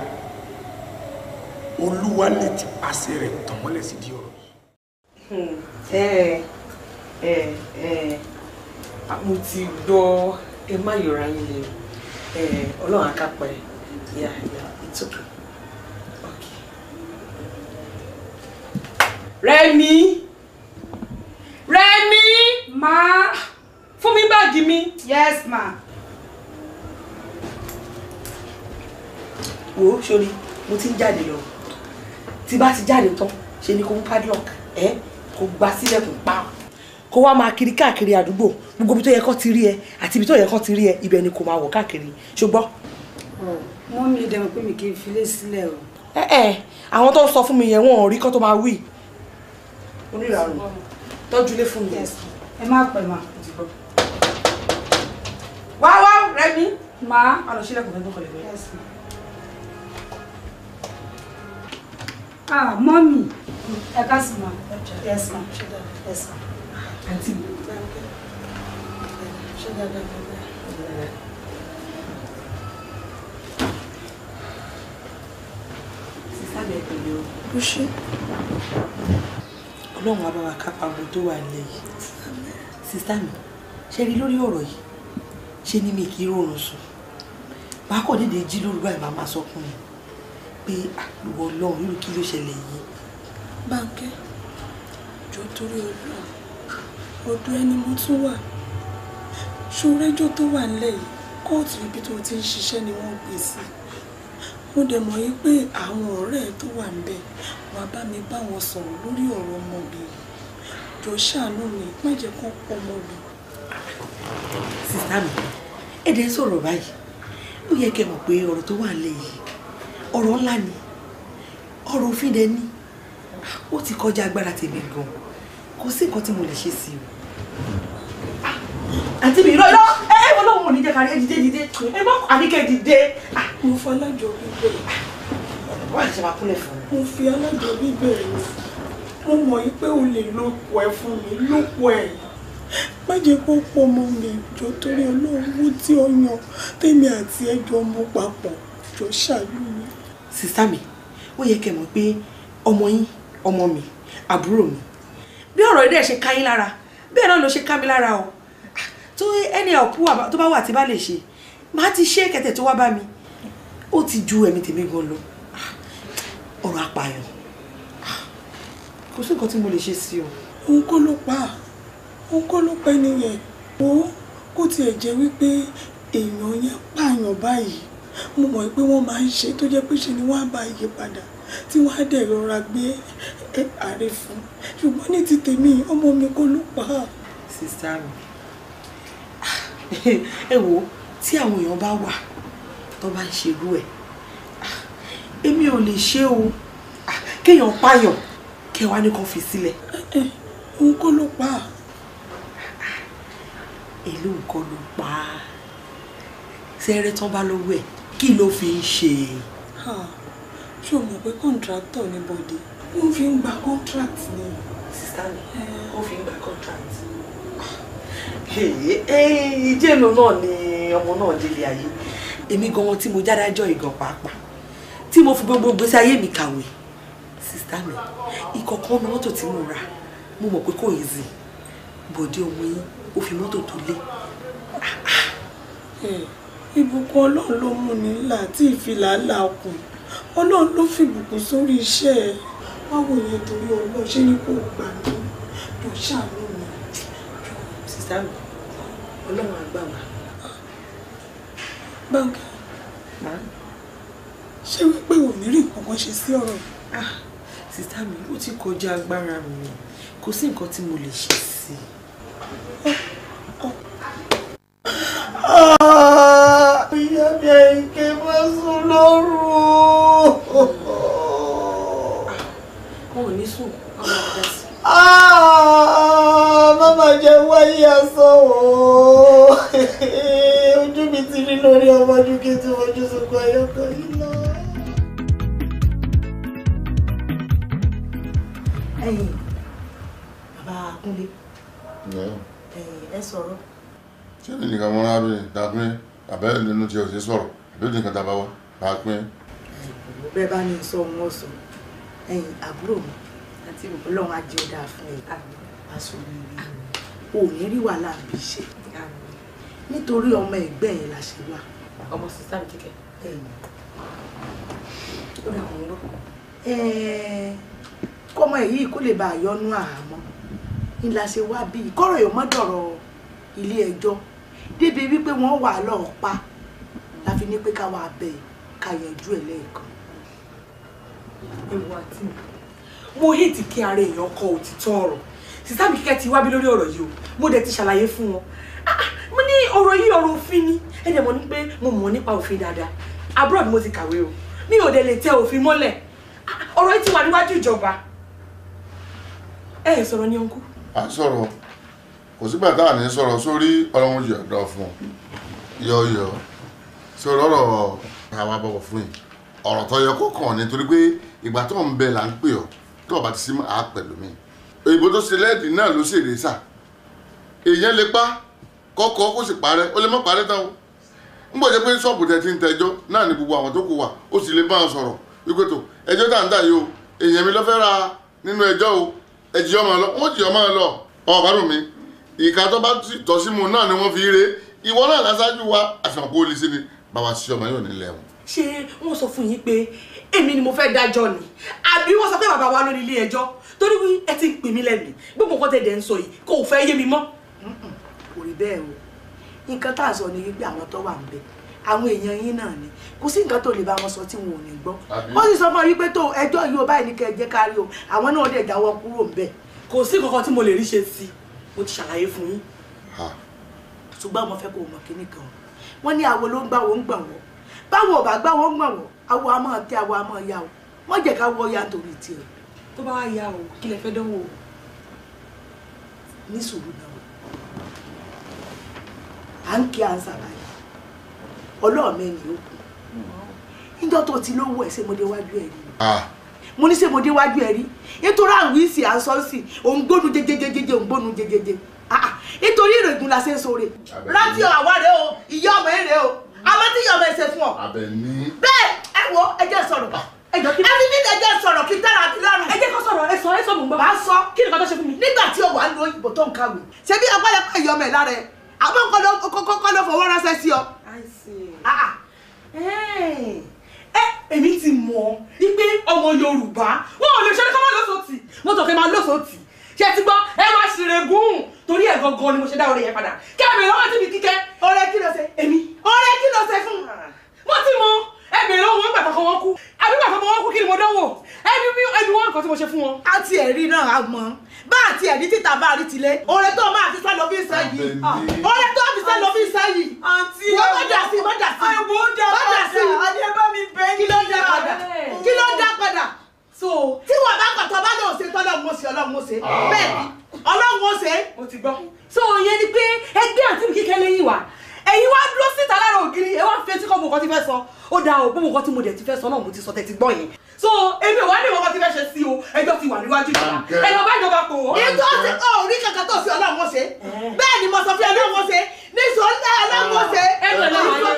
olúwa lè ti pàṣẹ rẹ̀ tàn mọ́lẹ̀ sí di ọ̀rọ̀ hmm, ẹ ẹ ẹ mo ti gbọ́ ẹ má yọra yín lè ọlọ́run akápẹ́. Yeah, yeah, it's okay. Okay. Rẹ́mi! Rẹ́mi! Ma! Fún mi báàgì me. Yes, ma. Oh, surely. mo ti ń jáde lọ. Tí bá ti jáde ni kò padlock, eh? kò gba sílẹ̀kùn pa kó wá máa kiri káàkiri àdúgbò gbogbo ibi tó yẹ kó ti rí ẹ àti ibi tó yẹ kó ti rí ẹ ibẹ̀ ni kò máa wọ̀ káàkiri ṣùgbọ́n mọ́ mi dẹ̀ mọ̀ pé mi kì í filé sílẹ̀ o. ẹ ẹ àwọn tó ń sọ fún mi yẹn wọn ò rí kán tó máa wí. onírànú tọ́jú ilé fún mi. ẹ má pẹ́ ma. wá wá rẹ́mi. máa. àlọ́ sílẹ̀ kò fẹ́ tó kọlẹ̀ ah mọ́mì ẹ ká sì máa. ẹ sì máa. ẹ sì máa. àǹtí ṣé dáadáa. lábẹ́ ìpele o. ó ṣe. ọlọ́run á bá wa kápá ogun tó wà nílẹ̀ yìí. sísá mi ṣe rí lórí ọ̀rọ̀ yìí ṣe ni mi kì í rọrùn sùn màá kọ̀ dédé jí lóru báyìí màá máa sọkún mi pé àpòwọ̀ ọlọ́run irú kí ló ṣẹlẹ̀ yìí. báńkẹ́ jọ torí ọlọ́run ọ̀dọ̀ ẹni mo tún wà ṣùgbọ́n rédíò tó wà nílẹ̀ yìí kóòtù ibi tó ti ń ṣiṣẹ́ ni wọ́n gbé sí i mo dẹ̀ mọ̀ yí pé àwọn ọ̀rẹ́ tó wà ń bẹ̀ wàá bá mi bá wọn sọ̀rọ̀ lórí ọ̀rọ̀ ọmọ mi jọ ṣàánú mi má jẹ́ kó pọ̀ ọmọ mi. sìtá mi èdè ń sọ̀rọ̀ báyìí ó yẹ kẹ́ mọ̀ pé ọ̀rọ̀ tó wà nílẹ̀ yìí ọ̀rọ̀ ńlá ni ọ̀rọ̀ òfin dẹ ní ó ti kọjá agbára tèmi gan kò sí nǹkan tí mo lè ṣe sí i. Ah, àǹtí mi irọ́ ẹ ọlọ́run ò ní jẹ́ ká rí ẹ dìde dìde ẹ bá àníkẹ́ dìde. Ah, mo fọ alájọ gbígbẹ. Ah, wọ́n àti máa kúnlẹ̀ fún mi. mo fi alájọ gbígbẹ mi mo mọ̀ yí pé o lè lóko ẹ fún mi lóko ẹ má jẹ́ kó pọ̀ ọmọ mi jọ torí ọlọ́run tí ó yan tèmi àti ẹjọ́ ọmọ papọ̀ jọ ṣàlù mi. sísá mi ó yẹ kẹ́ mọ̀ pé ọmọ yín ọmọ mi àbúrò mi bí ọ̀rọ̀ ilé ẹ̀ ṣe ká yín lára bẹ́ẹ̀ náà ló ṣe ká mi lára o tó ẹni ọ̀pù tó bá wà tí bá lè ṣe máa ti ṣe kẹ̀tẹ̀ tó wá bá mi ó ti ju ẹ̀mí tèmi gan lọ ah, ọ̀rọ̀ apààyàn ah, kò sí nǹkan tí mo lè ṣe sí o. òun kọ́ ló pa òun kọ́ ló pa ẹni yẹn o kó tiẹ̀ jẹ́ wípé èèyàn yẹn pààyàn báyìí mo mọ̀ pé wọ́n máa ń ṣe tó jẹ́ pé ṣe ni wọ́n á bá iye padà tí wọ́n á dẹ̀ rọra gbé ààrẹ fún ṣùgbọ́n ní ti tèmi ọmọ mi kọ́ ló pa á. mi ẹ tí àwọn èèyàn bá wà tó bá ń ṣerú ẹ̀ ah, èmi ò lè ṣe o ah, kéèyàn pààyàn kẹwàá ní kan fi sílẹ̀. Eh, eh, òun kọ́ ló pa á. Ah, èló nǹkan ló pa á sẹ́rẹ́ tán bá lówó ẹ̀ kí ló fi ń ṣe. ṣé o mọ̀ pé kọ́ńtráktọ̀ ní bọ́dé ó fi ń gba kọ́ńtrákt ni. sísá mi eh. ó fi ń gba kọ́ńtrákt ni ìjẹ́lu náà ni ọmọ náà délé ayé èmi gan tí mo jádájọ́ ìgàn pàápàá tí mo fi gbogbo gbèsè ayé mi kàwé sísá mi ìkọ̀kan mi mọ́tò tí mo rà mo mọ̀ pé kò yé zi bòde ọmọ ó fi mọ́tò tó lé. Hmm, ìbùkún ọlọ́run ló mú ni láti ìfìlà ńlá kù ọlọ́run ló fìbùkún sórí iṣẹ́ ẹ wá wòye torí ọlọ́run ṣe ni kò gbà mí lọ ṣàánú sista mi ọlọ́run àgbà wá. báńkì ṣé wípé ò ní rí nǹkan kan ṣe sí ọ̀rọ̀ yìí. Ah, sista mi ó ti kọjá agbára mi kò sí nǹkan tí mo lè ṣe sí i. Ah, ah. síwájú kí n ti fojú sunkún ẹyọkọ yìí lọ. ẹ̀yin bàbá Kúnlé ẹ sọ̀rọ̀. ṣé mi nìkan mọ́ra rẹ̀ dàpín àbẹ́rẹ́ lẹ́nu tí o ṣe sọ̀rọ̀ àbí nìkan tàbá wa dàpín. bẹ́ẹ̀ bá ní sọ wọn sọ ẹ̀yin àbúrò mi àti Ọlọ́run á jẹ́ dáa fún ẹ ò ní rí wàhálà àbí iṣẹ́ nítorí ọmọ ẹgbẹ́ yẹn la ṣe wà ọmọ sísá mi kíkẹ́. ó dà wọ́n gbọ́. kọ́mọ èyí kó lè bá àyọnú àhámọ́ ni la ṣe wá bí kọ́rọ̀ yóò mọ́ dọ̀rọ̀ ilé ẹjọ́ débi wípé wọ́n wà lọ́ọ́ pa la fi ní pé ká wàá bẹ̀ ká yanjú ẹ̀ lẹ́ẹ̀kan. ewu àti mo hate kí ara èèyàn kọ òtítọ́ ọ̀rọ̀ sísá kíkẹ́ ti wá bí lórí ọ̀rọ̀ yìí o mo dẹ̀ ti ṣàlàyé fún wọn mo ní ọ̀rọ̀ yìí ọ̀rọ̀ òfin ni ẹ̀dẹ̀ mọ̀ ní pé mo mọ̀ nípa òfin dáadáa abroad mo ti kàwé o mi ò dẹ̀ lè tẹ òfin mọ́lẹ̀ ọ̀rọ̀ yìí ti wà níwájú ìjọba ẹ ẹ̀ sọ̀rọ̀ ní ọkú. à ń sọ̀rọ̀ kò sígbà tá à ní sọ̀rọ̀ sórí ọlọ́run yọ̀ dán fún yọ̀ọ̀yọ̀ sọ̀rọ̀ ọ̀rọ̀ àwa bọ̀wọ̀ fún yìí ọ̀rọ̀ tó yẹ kọ̀ọ̀kan nítorí pé ìgbà tó ń bẹ là ń pè ọ́ tó o bá ti sí mọ́ mi. òyìnbó tó ṣe lẹ́ẹ̀dì náà ló ṣèlè sà èèyàn lè pa kọ́kọ́ kó sì parẹ́ ó lè má parẹ́ tán o ń bọ̀ jẹ́ pé ṣọ́ọ̀bù tẹ̀ ti ń tẹjọ́ náà ni gbogbo àwọn tó kù wà ó sì lè bá wọn sọ̀rọ̀ wípé tó ẹjọ́ tá ń dà yìí o èèyàn mi ló ra nínú ẹjọ́ o ẹjì ọmọ lọ wọ́n jì ọmọ lọ ọmọ bá dùn mí ìka tó bá tọ́ sí mu náà ni wọ́n fi re ìwọ náà lásájú wa àṣàkó olè sí ni bàbá sí ọmọ yóò nílẹ̀ wọn. ṣé wọn sọ fún yín pé èmi ni mo fẹ́ dájọ́ ni àbí wọ́n sọ pé bàbá wa lórí ilé ẹjọ́ torí ẹ ti ń pè mí lẹ́mìí gbogbo nǹkan tẹ̀ dẹ̀ ń sọ yìí kò fẹ́ yé mi mọ́ bẹ́ẹ̀ o nǹkan tá a sọ ni wípé àwọn tó wà ń bẹ àwọn èèyàn yín náà ni kò sí nǹkan tó lè bá wọn sọ tí wọn ò ní gbọ́ ó sì sọ fún yín pé tó ẹjọ́ yìí ó báyìí ní kẹ́ kárí o àwọn náà dẹ̀ jáwọ́ kúrò ń bẹ̀. kò sí kankan tí mo lè rí ṣe sí i mo ti ṣàlàyé fún yín ṣùgbọ́n mo fẹ́ kó mọ̀ kíní kan wọ́n ní àwo ló ń gbà wọ́n gbà wọ́n báwo ò gbà wọ́n gbà wọ́n àwo a máa tẹ àwo a máa o wọ́n jẹ́ ká wọ́ ya nítorí tiẹ̀. tó bá wá ya o kí lẹ fẹ́ dánwò ní sùúrù à ń kí ansa báyìí ọlọ́ọ̀mẹ ni ó kù níjọ́ tó ti lówó ẹ̀ ṣé mo déwájú ẹ̀ rí mo ní ṣé mo déwájú ẹ̀ rí nítorí àrùn ìsì àsọ́ọ̀sì òun gbónú jẹjẹjẹjẹ òun gbónú jẹjẹjẹ nítorí ìrègùn la ṣe ń sore láti àwa rẹ o ìyá ọmọ ẹ rẹ o àmọ́ tí ìyá ọmọ ẹ ṣe fún ọ. bẹ́ẹ̀ ẹ wo ẹ jẹ́ sọ̀rọ̀ ẹjọ kí ẹbí mi lẹjẹ sọ̀rọ̀ kí dára kí lọrùn. ẹ jẹ́ kó sọ̀rọ̀ ẹ sọ ẹ sọ mò ń gbọ́. bá a sọ kí ni kò tó ṣe fún mi. nígbà tí o wà ń lo ìbò tó ń kàwé ṣebí agbálẹ̀ pẹ̀yọ́mẹ̀ lára ẹ for one I àbọ̀ kọ́ ló fọwọ́ see, sí ọ. Ah, ah. ẹ èmi ti mọ̀ ọ́ wípé ọmọ Yorùbá wọn ò lè ṣe kọ́ máa lóṣòtì mo tọ̀ kẹ́ máa lóṣòtì ṣe ti gbọ́ ẹ máa ṣèrè gùn torí ẹ̀ gangan ni mo ṣe dá orin yẹn padà kẹ́mi lọ́wọ́ tí mi kíkẹ́ ọ̀rẹ́ kí ló ṣe èmi ọ̀rẹ́ kí ló ṣe fún mo ti mọ̀ ẹ bèrè lọ́wọ́ wọn gbàtọ́ kan wọ́n kú àbí gbàtọ́ kan wọ́n kú kí ni mo dánwò ẹbí mi ẹbí wọn nǹkan tí mo ṣe fún wọn. a ti ẹ̀ rí náà a mọ̀ bá àti ẹ̀rí títa bá rí tilé oore tó máa fi sẹ́lọ fi sẹ́ yìí ah, oore tó fi sẹ́lọ fi sẹ́ yìí wọ́n má dà sí má dà sí má dà sí kí ló dá padà kí ló dá padà so tí wọn bá kọ̀ tọ́ bá lọ ṣe tọ́ lọ́mọ ṣe ọlọ́mọ ṣe ah. bẹ́ẹ̀ ni ọlọ́mọ ṣe. mo ti gbọ́. so ìyẹn ni pé ẹgbẹ́ àti kíkẹ́ lẹ́yìn wa ẹ̀yin wá dúró síta lára ògiri ẹ wá fetí kọ́ mo kọ́ ti fẹ́ sọ ó dáa o bó mo kọ́ ti mo dẹ̀ ti fẹ́ sọ náà mo ti sọ tẹ̀ ti gbọ́ yẹn so èmi ò wá ní ìwọ́n ti fẹ́ ṣe sí o ẹjọ́ ti wà níwájú ìjọba ẹ̀rọ bá ìjọba kò ó. ẹjọ́ ti kọ́ orí kankan tó fi ọlọ́run ṣe eh. bẹ́ẹ̀ ni mo sọ fún ọlọ́run ṣe níṣó ńlá ọlọ́run ṣe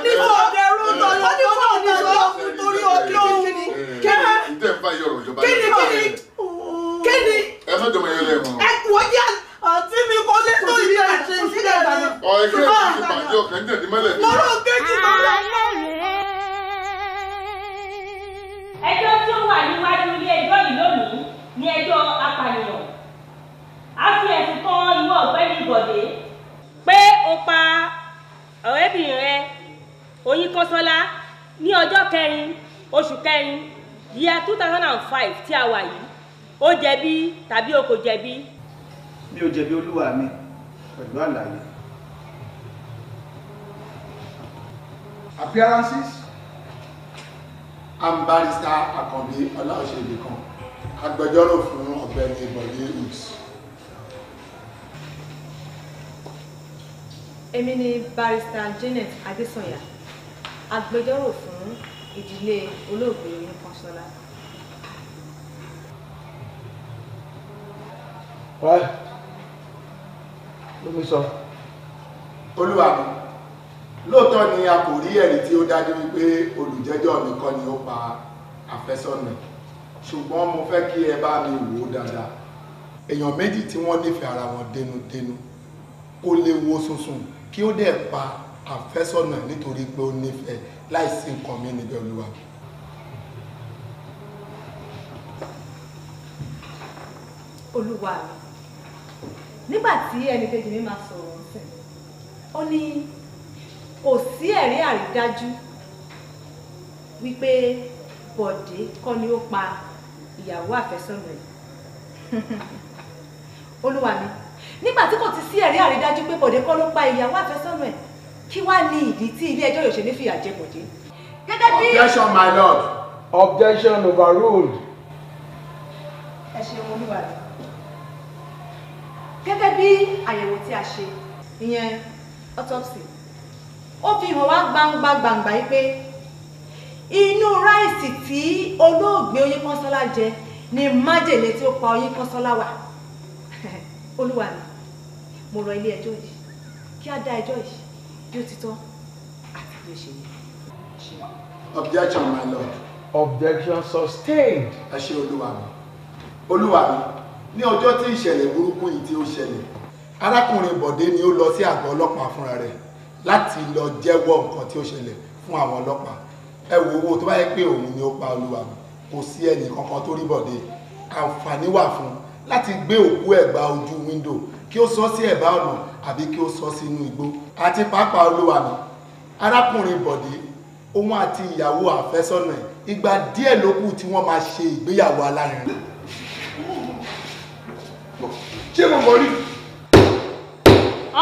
níṣó ọdẹrú tọ́lọ́ ní fún òní ṣó torí ojú kíni kíni kíni. ẹ má jọmọ yẹn lẹ́mọ. ẹ wọ́n yá àti mi kọ́ lé tó ìdí àti ìdí ẹ̀ ẹjọ́ tí ó wà níwájú ilé ẹjọ́ yìí lónìí ni ẹjọ́ apànìyàn a fi ẹ̀sùn kan ìwọ ọ̀gbẹ́ni Bọ̀dé pé ó pa ọ̀rẹ́bìnrin rẹ Oyinkansola ní ọjọ́ kẹrin oṣù kẹrin yíya two thousand and five tí a wà yìí ó jẹ̀bi tàbí o kò jẹ̀bi. mi ò jẹ̀bi olúwa mi pẹ̀lú àlàyé. appearances I'm barrister Akànbí Ọláòṣèlú kan agbẹjọ́rò fún ọ̀gbẹ́ni Bọ̀dé Hughes. èmi ni barista, Janet Adésànyà agbẹjọ́rò fún ìdílé olóògbé Olúkanṣọ́lá. wáyé ló mi sọ. olúwa mi lóòótọ́ ni a kò rí ẹ̀rí tí ó dájú wípé olùjẹ́jọ́ mi ni ó pa àfẹ́sọ́nà ṣùgbọ́n mo fẹ́ kí ẹ bá mi wò ó dáadáa èèyàn méjì tí wọ́n nífẹ̀ẹ́ ara wọn dénúdénú kó lè wo sunsun kí ó dẹ̀ pa àfẹ́sọ́nà nítorí pé ó nífẹ̀ẹ́ láìsí nǹkan mi níbẹ̀ olúwa. olúwa mi nígbà tí ẹnì kejì mi máa sọ̀rọ̀ ó ní kò sí ẹ̀rí àrídájú wípé Bọ̀dé kọ́ ni ó pa ìyàwó àfẹ́sọ́nà rẹ̀ olúwa mi nígbà tí kò ti sí ẹ̀rí àrídájú pé Bọ̀dé kọ́ ló pa ìyàwó àfẹ́sọ́nà ẹ̀ kí wá ní ìdí tí ilé ẹjọ́ yóò ṣe ní fìyà jẹ Bọ̀dé. gẹ́gẹ́ bí. objection my lord objection overruled. ẹ ṣeun olúwa mi gẹ́gẹ́ bí àyẹ̀wò tí a ṣe ìyẹn autopsy ó fi hàn wá gbangba gbangba yìí pé inú ráìsì tí olóògbé Oyèkọ́sọ́lá jẹ ni májèlé tí ó pa Oyèkọ́sọ́lá wà olúwa mi mo rọ ilé ẹjọ́ yìí kí á dá ẹjọ́ yìí bí ó ti tọ́ àti bí ó ṣe yẹ. objection my lord. objection sustained. ẹ ṣe olúwa mi olúwa mi ní ọjọ́ tí ìṣẹ̀lẹ̀ burúkú yìí tí ó ṣẹlẹ̀ arákùnrin bọ̀dé ni ó lọ sí àgọ́ ọlọ́pàá fúnra rẹ̀ láti lọ jẹ́wọ́ nǹkan tí ó ṣẹlẹ̀ fún àwọn ọlọ́pàá ẹ wo owó tó bá yẹ pé òun ni ó pa olúwa kò sí ẹnì kankan tó rí bọ̀dé àǹfààní wà fún láti gbé òkú ẹ̀gbà ojú wíńdò kí ó sọ sí ẹ̀bá ọ̀nà àbí kí ó sọ sínú igbó àti pàápàá olúwa mi arákùnrin bọ̀dé òun àti ìyàwó àfẹ́sọ́nà ẹ̀ ìgbà díẹ̀ ló kù tí wọ́n máa ṣe ìgbéyàwó alárinrin. ṣé mo mọ̀ rí.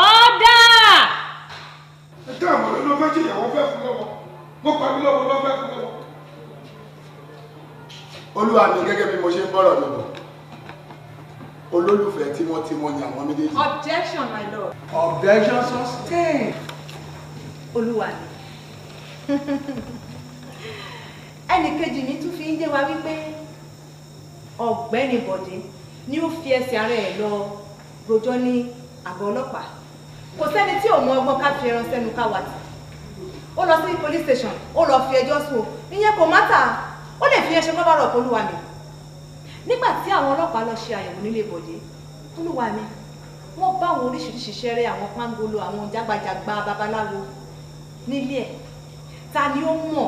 ọ̀dà dá àwọn ọ̀dọ́ lọ́wọ́ méjì ìyàwó fẹ́ fún lọ́wọ́ mo pa lọ́wọ́ lọ́wọ́ fẹ́ fún lọ́wọ́. olúwa mi gẹ́gẹ́ bí mo ṣe ń bọ̀rọ̀ mi olólùfẹ́ tímọ́tímọ́ ni àwọn méjèèjì. objection my lord. objection sustained. olúwa mi ẹnìkejì mi tún fi ń yé wa wípé ọ̀gbẹ́ni bọ̀dé ni ó fi ẹsẹ̀ ara ẹ̀ lọ rojọ́ ní àgọ́ ọlọ́pàá kò sẹ́ni tí ò mọ ọgbọ́n ká fi ẹran sẹ́nu ká wà tì ó lọ sí police station ó lọ fi ẹjọ́ sùn ìyẹn kò mátà ó lè fi ẹṣẹ bábà rọ̀ mi nígbà tí àwọn ọlọ́pàá lọ ṣe àyẹ̀wò nílé bọ̀dé pọ̀lúwa mi wọ́n bá àwọn oríṣiríṣi ṣẹ́rẹ́ àwọn pangolo àwọn jágbajàgba babaláwo nílé ẹ̀ ta ni ó mọ̀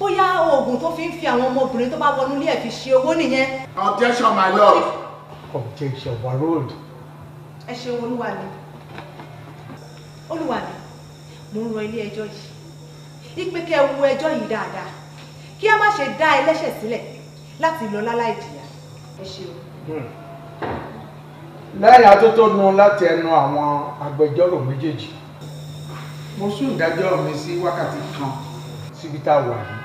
bóyá oògùn tó fi ń fi àwọn ọmọbìnrin tó bá wọnú ilé ẹ̀ fi ṣe owó nìyẹn. objection my lord. objection warroad. ẹ ṣeun olúwa mi olúwa mi mo ń rọ ilé ẹjọ́ yìí ipe kẹ́ wo ẹjọ́ yìí dáadáa kí a má ṣe dá ẹlẹ́ṣẹ̀ sílẹ̀ láti lọ láláì jìyà ẹ ṣeun. Hmm. lẹ́yìn atótónu láti ẹnu àwọn agbẹjọ́rò méjèèjì mo sún ìdájọ́ mi sí wákàtí kan síbi tá a wà yìí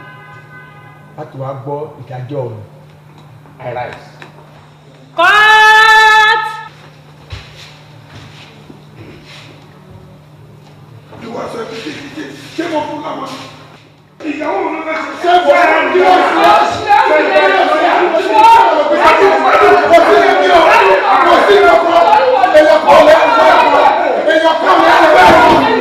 láti wá gbọ́ ìdájọ́ mi. I rise. Kọ́. wá sọ ẹbí ṣe ṣe ṣé mo fún lọ́wọ́ ìyàwó mi ló fẹ́ ṣe ṣe ṣe ṣe ṣe ṣe ṣe ṣe ṣe ṣe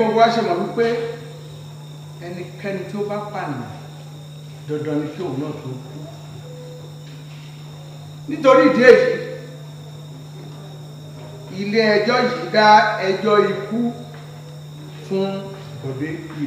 gbogbo wa ṣe mọ̀ wípé ẹnikẹ́ni tí bá pààyàn dandan ni kí òun náà tó kú nítorí ìdí èyí ilé ẹjọ́ yìí dá ẹjọ́ ikú fún Bobrisky.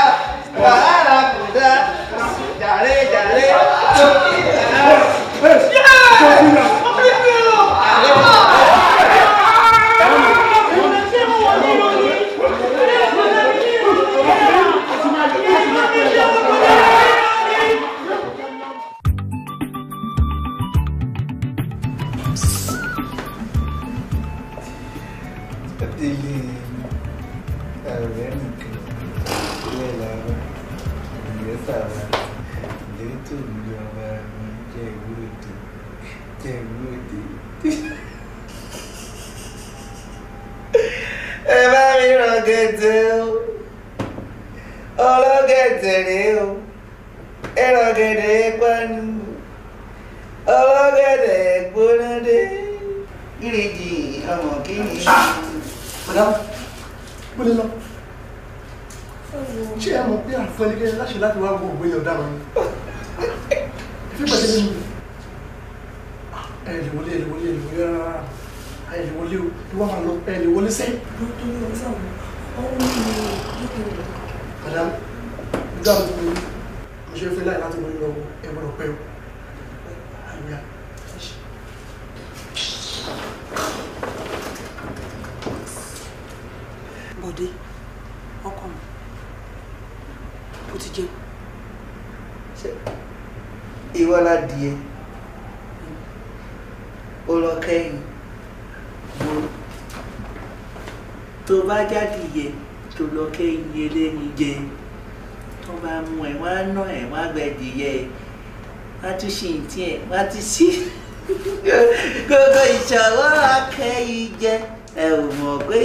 All all I I I I do, do, do, and it did ọlọ́gẹ̀dẹ̀ o ọlọ́gẹ̀dẹ̀ rèé o ẹ̀rọ̀gẹ̀dẹ̀ panu ọlọ́gẹ̀dẹ̀ gbónádé gírídì ọmọ kìíní. madam gbọ́dọ̀ lọ ṣé ẹ mọ̀ pé àfọ ẹnikẹ́ni láṣẹ láti wá gbogbo èèyàn dáná ni fífẹ́ ṣe nínú ẹ lè wọlé ẹ lè wọlé ẹ lè wọlé rárá ẹ lè wọlé o ìwọ máa lọ ẹ lè wọlé sẹ́yìn. lọ́tọ́ ní ọjọ́ àwọn madam gbígbà mi ni mo ṣe fẹ́ láì láti wọlé lọ ẹ̀wọ̀n ọ̀pẹ o àríyá. bọ̀dé ọkọ mi ó ti jẹun. ìwọ la dìé ó lọ kẹ́yìn tó bá jáde kéyìn eléyìí jẹ tó bá mú ẹ wá ná ẹ wá gbẹdìyẹ wá tún ṣe ẹ wá tún gbogbo ìṣòro akẹ́yìn jẹ ẹ ò mọ̀ pé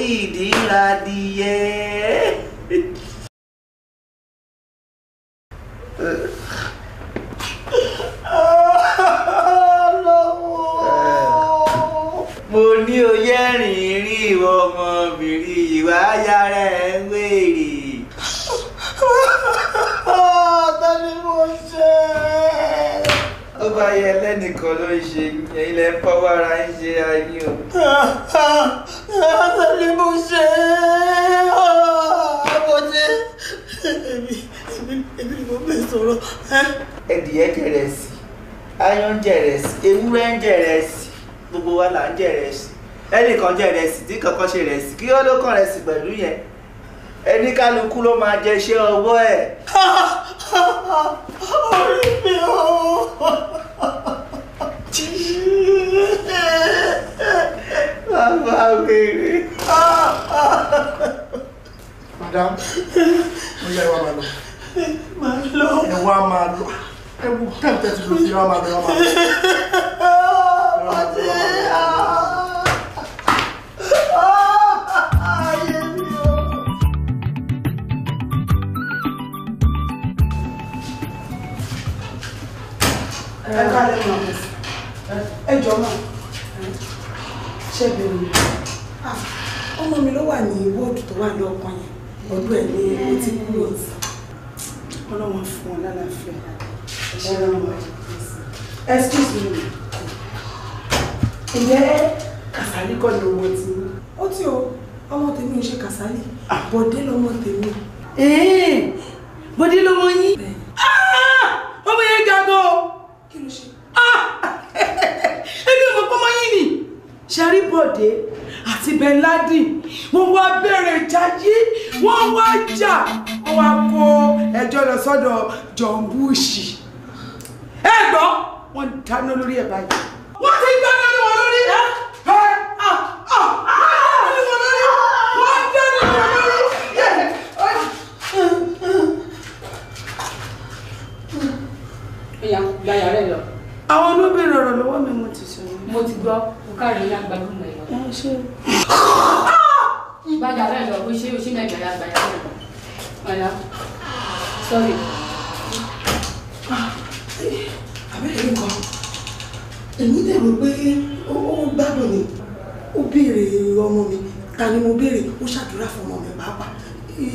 ilẹ̀ fọwọ́ ara ń ṣe ayé o. àtàlẹ́ mo ṣe ah, mo ṣe èmi ni mo bẹ̀ sọ̀rọ̀. ẹdìyẹ jẹrẹsì ayọ̀ ń jẹrẹsì ewúrẹ́ ń jẹrẹsì gbogbo wa là ń jẹrẹsì ẹnìkan jẹrẹsì tí kankan ṣe rẹsì kí ó ló kàn rẹsì pẹ̀lú yẹn ẹni kálukú ló máa jẹ iṣẹ́ ọwọ́ ẹ̀. orí mi ooo bàbá wèrè. madam mo yẹ ìwà màlúù. màlúù. ẹ̀wà màlúù ẹ̀wù tẹ̀tẹ̀ ti lò sí ìwà màlúù ẹ̀wà màlúù. ọtí ayé mi o. ẹ ká lè mọ̀ ẹjọ́ náà ṣẹ́bi mi ọmọ mi ló wà ní wọ́ọ̀dù tó wà ní ọkàn yẹn ọdún ẹ̀ ní ó ti kúrò ọlọ́wọ́n fún ọ lálàáfíà ẹ̀ṣẹ̀ excuse me ǹjẹ́ kàsálí kọ́ ni owó ti ní. ó ti o ọmọ tèmi ń ṣe kàsálí ah. bọ̀dé lọmọ tèmi. bọ̀dé lọmọ yín. ṣẹ́ríbọ̀dé àti bẹ́ńládì wọ́n wá bẹ̀rẹ̀ ìjà yìí wọ́n wá jà wọ́n wá kó ẹjọ́ lọ sọ́dọ̀ John Bush ẹ gbọ́ wọ́n dáná lórí ẹ̀ báyìí wọ́n ti dáná lórí wọn lórí ẹ̀ ẹ̀ ah ah ah wọ́n dáná lórí wọ́n dáná lórí ẹ̀ ẹ̀. ìyá gbàyà rẹ lọ. àwọn olóbìnrin ọ̀rọ̀ lọ́wọ́ mi mo ti sọ. mo ti gbọ́ káàrin lágbàlú mọ̀ ẹ̀yọ́. Ah, ah! bájà bẹ́ẹ̀ lọ bó ṣe oṣù mẹ́jọ ya gbàyà bẹ́ẹ̀ lọ. ọ̀la sọ́ọ̀rì. àbẹ̀rẹ̀ nǹkan èmi dẹ̀rọ pé ó gbádùn ni ó béèrè ọmọ mi ta ni mo béèrè ó ṣàdúrà fún ọmọ mi pàápàá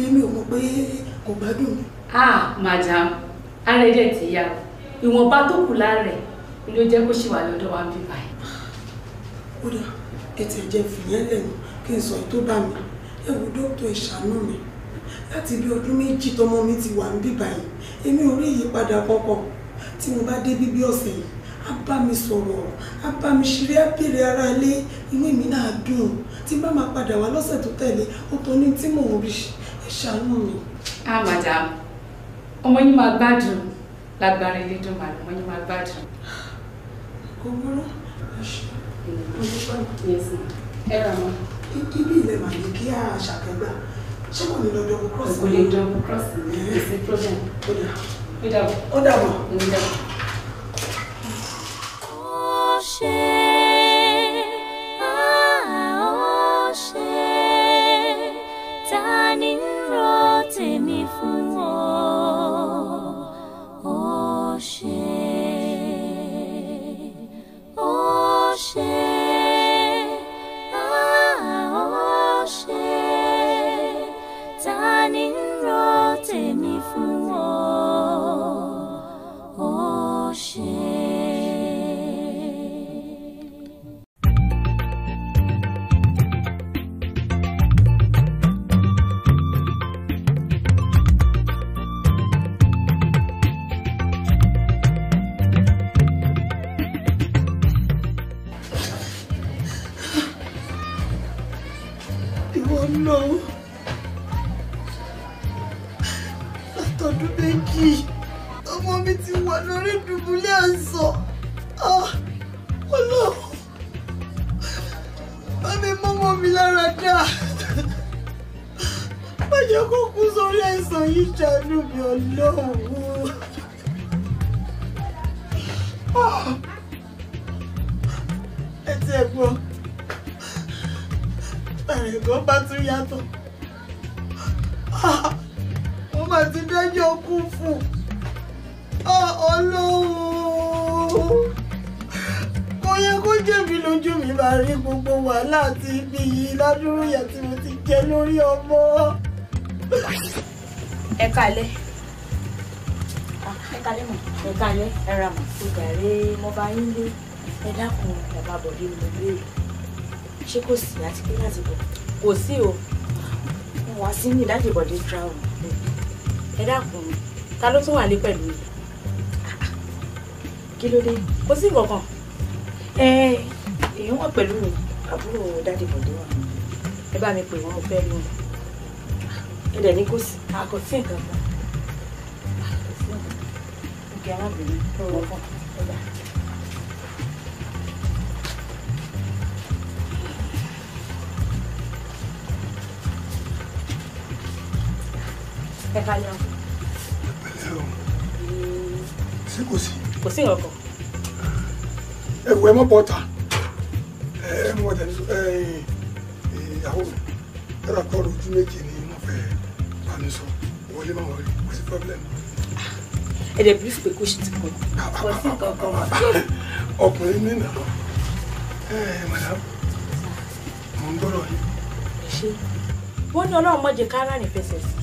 èmi ò mọ̀ pé kò gbádùn mi. ah madam arẹ́jẹ̀ ti yá ìwọ̀nba tó kù lára ẹ̀ ló jẹ́ kó ṣì wà lọ́dọ̀ wa ń bí báyìí kódà ètò ẹ̀jẹ̀ fìyẹn lẹ́nu kí n sọ èyí tó bá mi ẹ wo dókítà ìṣàánú mi láti bí ọdún méjì tọmọ mi ti wà ń bíbà yìí èmi ò rí ìyípadà kankan tí mo bá dé bíbí ọ̀sẹ̀ yìí á bá mi sọ̀rọ̀ á bá mi ṣeré á bèrè ara ilé inú mi náà dùn tí bá máa padà wá lọ́sẹ̀ tó tẹ̀lé ó tó ní tí mò ń rí ẹ mi. a ah, madam ọmọ yín máa gbádùn lágbára ilé dùn màlúù ọmọ yín máa gbádùn. kò burú ẹ ṣe ẹ rà mọ́. ibi ilẹ̀ mà ní kí a ṣàkẹ́gbà ṣé kò ní lọ double cross. kò lè double cross ní ẹsẹ̀ problem. ó dàbọ̀. ó dàbọ̀. ó dàbọ̀. ó ṣe. pé láti bọ̀ kò sí o mo wá sí ní ìdájìbọ̀dé travel ẹ dákun ta ló tún wà ní pẹ̀lú mi kí ló dé kò sí nǹkan kan èèyàn wà pẹ̀lú mi àbúrò ìdájìbọ̀dé wà ẹ bá mi pè wọ́n mo fẹ́ rí wọn ẹ dẹ̀ ní kò sí àkọsí nǹkan kan kò sí nǹkan kan kò kí ẹ má bẹ̀rẹ̀ ọ̀rọ̀ kan ẹ bá. ẹ ká lọ. ẹ pẹ̀lẹ́ o ṣé kò sí. kò sí ọkọ̀. ẹ wọ ẹ mọ bọta ẹ mọ bọta ní ìyàwó mi ẹ rà kọọdù ojú méjì ni mo fẹ́ bá mi sọ wọlé máa wọlé kò sí pọblẹmù. ẹ dẹ̀ bírífù pé kò sí ti kọ kò sí kankan wà. ọkùnrin mi nà ẹ madam mo ń gbọ́dọ̀ yìí. wọ́n ní ọlọ́run mọ̀jẹ̀ ká rà ní fẹsẹ̀ sí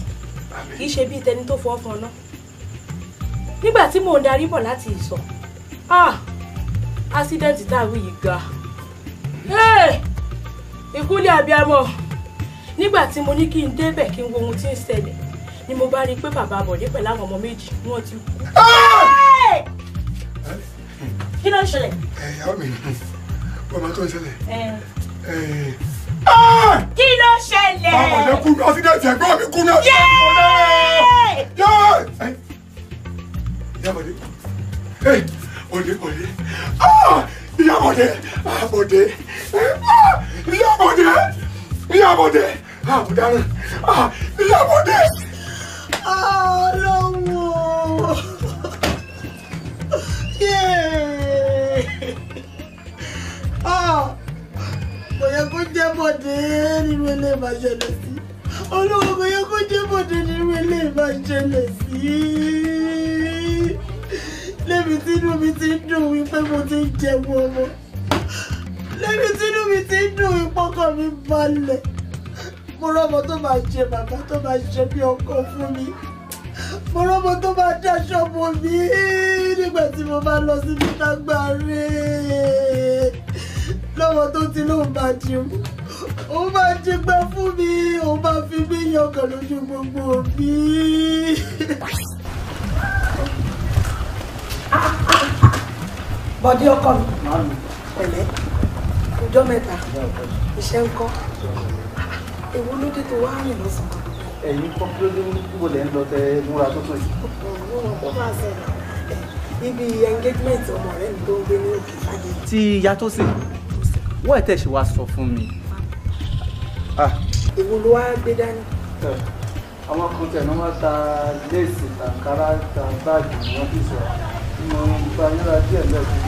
kì í ṣe bíi tẹni tó fọ́ ọkàn náà nígbà tí mò ń darí bọ̀ láti ìsọ̀ ah, accident tá a wí yìí ga ìkúlẹ̀ abiyamọ nígbà tí mo ní kí n débẹ̀ kí n wo ohun tí ń ṣẹlẹ̀ ni mo bá rí i pé bàbá Bọ̀dé pẹ̀lú àwọn ọmọ méjì wọ́n ti kú. kí ló ń ṣẹlẹ̀. ẹ̀yà mi ọmọ tó ń ṣẹlẹ̀ kí ló ṣẹlẹ̀. ọmọdé kú ní accident ẹ̀gbọ́n mi kú ní accident ah! ah, eh, ah! mo lọ. ìyábọ̀dé òde òde ìyábọ̀dé àbọ̀dé ìyábọ̀dé ìyábọ̀dé àbọ̀dáná ìyábọ̀dé. ọlọ́wọ́ yéé kò yẹ kó jẹ́ bọ̀dé nínú ilé máa ṣẹlẹ̀ sí olówó kò yẹ kó jẹ́ bọ̀dé nínú ilé máa ṣẹlẹ̀ sí lẹ́mi tínú mi ti ń dùn wípé mo ti ń jẹun ọmọ lẹ́mi tínú mi ti ń dùn ìpọ́kàn mi balẹ̀ mo rọ́mọ tó máa ṣe bàbá tó máa ṣe bí ọkọ fún mi mo rọ́mọ tó máa dáṣọ bò mí nígbà tí mo bá lọ sí mi lágbára lọ́wọ́ tó ti lóun bá jẹun òun bá jí gbá fún mi òun bá fi mí yọkàn lójú gbogbo òbí. bọ́dí ọkọ mi pẹ̀lẹ́ ọjọ́ mẹ́ta iṣẹ́ ń kọ́ èwo ló dé tó wá rìn lọ́sàn-án. ẹ̀yin kọ́ kí ló dé níbo lẹ́ ń lọ tẹ múra tó tó yìí. ọ̀hún ó máa ṣẹlẹ̀ ibi engagement ọmọ rẹ̀ ń tó ń gbé ní òkè fàgé. ti yàtọ̀ sí i wọ́n ẹ̀ tẹ̀sí wa sọ fún mi. èwo ah. ló wá gbé dání. àwọn kan tẹ̀ ní wọ́n ta léèsì tàǹkárá ta báàgì ní wọ́n ti sọ̀rọ̀ mo gba níra díẹ̀ lẹ́ẹ̀kan.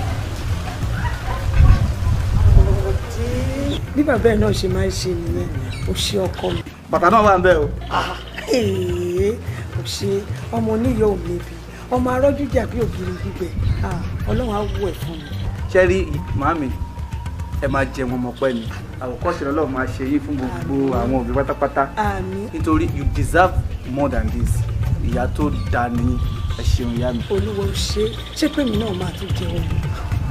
bí bàbá ẹ̀ náà ṣe máa ń ṣe nìyẹn ó ṣe ọkọ mi. bàtà náà wà ń bẹ o. Ah, eh, ó ṣe ọmọ oníyọ̀ ò lébi ọmọ arọ́jú jà bí ògiri gbígbẹ ah, ọlọ́run á wù ẹ̀ fún mi. ṣẹ́rí màmí ẹ máa jẹ wọn mọ̀pẹ́ ni àwòkọ́ṣe lọ́lọ́run máa ṣe yín fún gbogbo àwọn òbí pátápátá nítorí you deserve more than this ìyá tó dáa ni ẹ ṣeun ìyá mi. olúwa ò ṣe ṣé pé mi náà máa tún jẹ wọn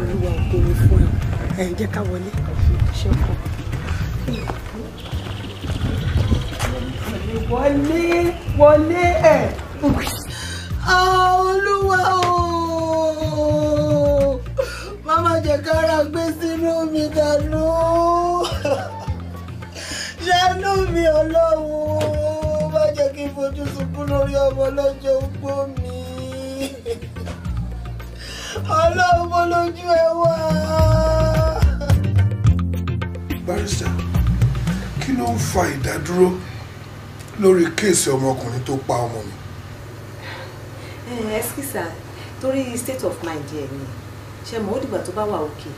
olúwa ò gbóni fún ẹ ẹ jẹ ká wọlé ṣe kọ. wọlé wọlé ẹ ah, olúwa ooo mama jẹ kára gbé sínú mi dànù ṣàánú mi ọlọ́run má jẹ́ kí n fojú sunkún lórí ọmọ lọ́jọ́ ogbó mi ọlọ́run mo lójú ẹ wá. barista kí ló ń fa ìdádúró lórí kéèsì ọmọkùnrin tó pa ọmọ mi. ẹ ẹ ṣíṣà torí state of mind ẹ ni ṣe mọ̀ ó dìgbà tó bá wà òkè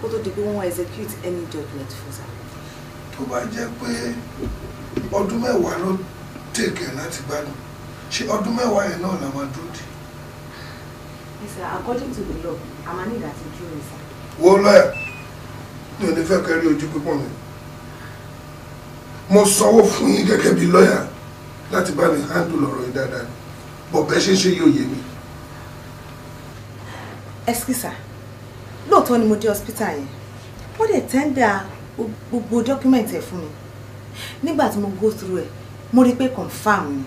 kó tó di pé wọ́n execute any judgement fún sa. tó bá jẹ́ pé ọdún mẹ́wàá ló tèkè láti gbádùn ṣé ọdún mẹ́wàá yẹn náà la máa dúró dì. sir according to the law a máa ní ìdásí ju rẹ sir. wo lọ́yà mi ò ní fẹ́ kẹ́rí ojú pípọ̀ mi mo sanwó fún yín gẹ́gẹ́ bí lọ́yà láti bá mi handle ọ̀rọ̀ yìí dáadáa bọ̀bẹ́ ṣe ń ṣe yóò yé mi. excuse sir lóòótọ́ ni mo dé hospital yẹn wọ́n dẹ̀ tẹ́ndà gbogbo document ẹ̀ fún mi nígbà tí mo go through ẹ̀ mo rí i pé confam ni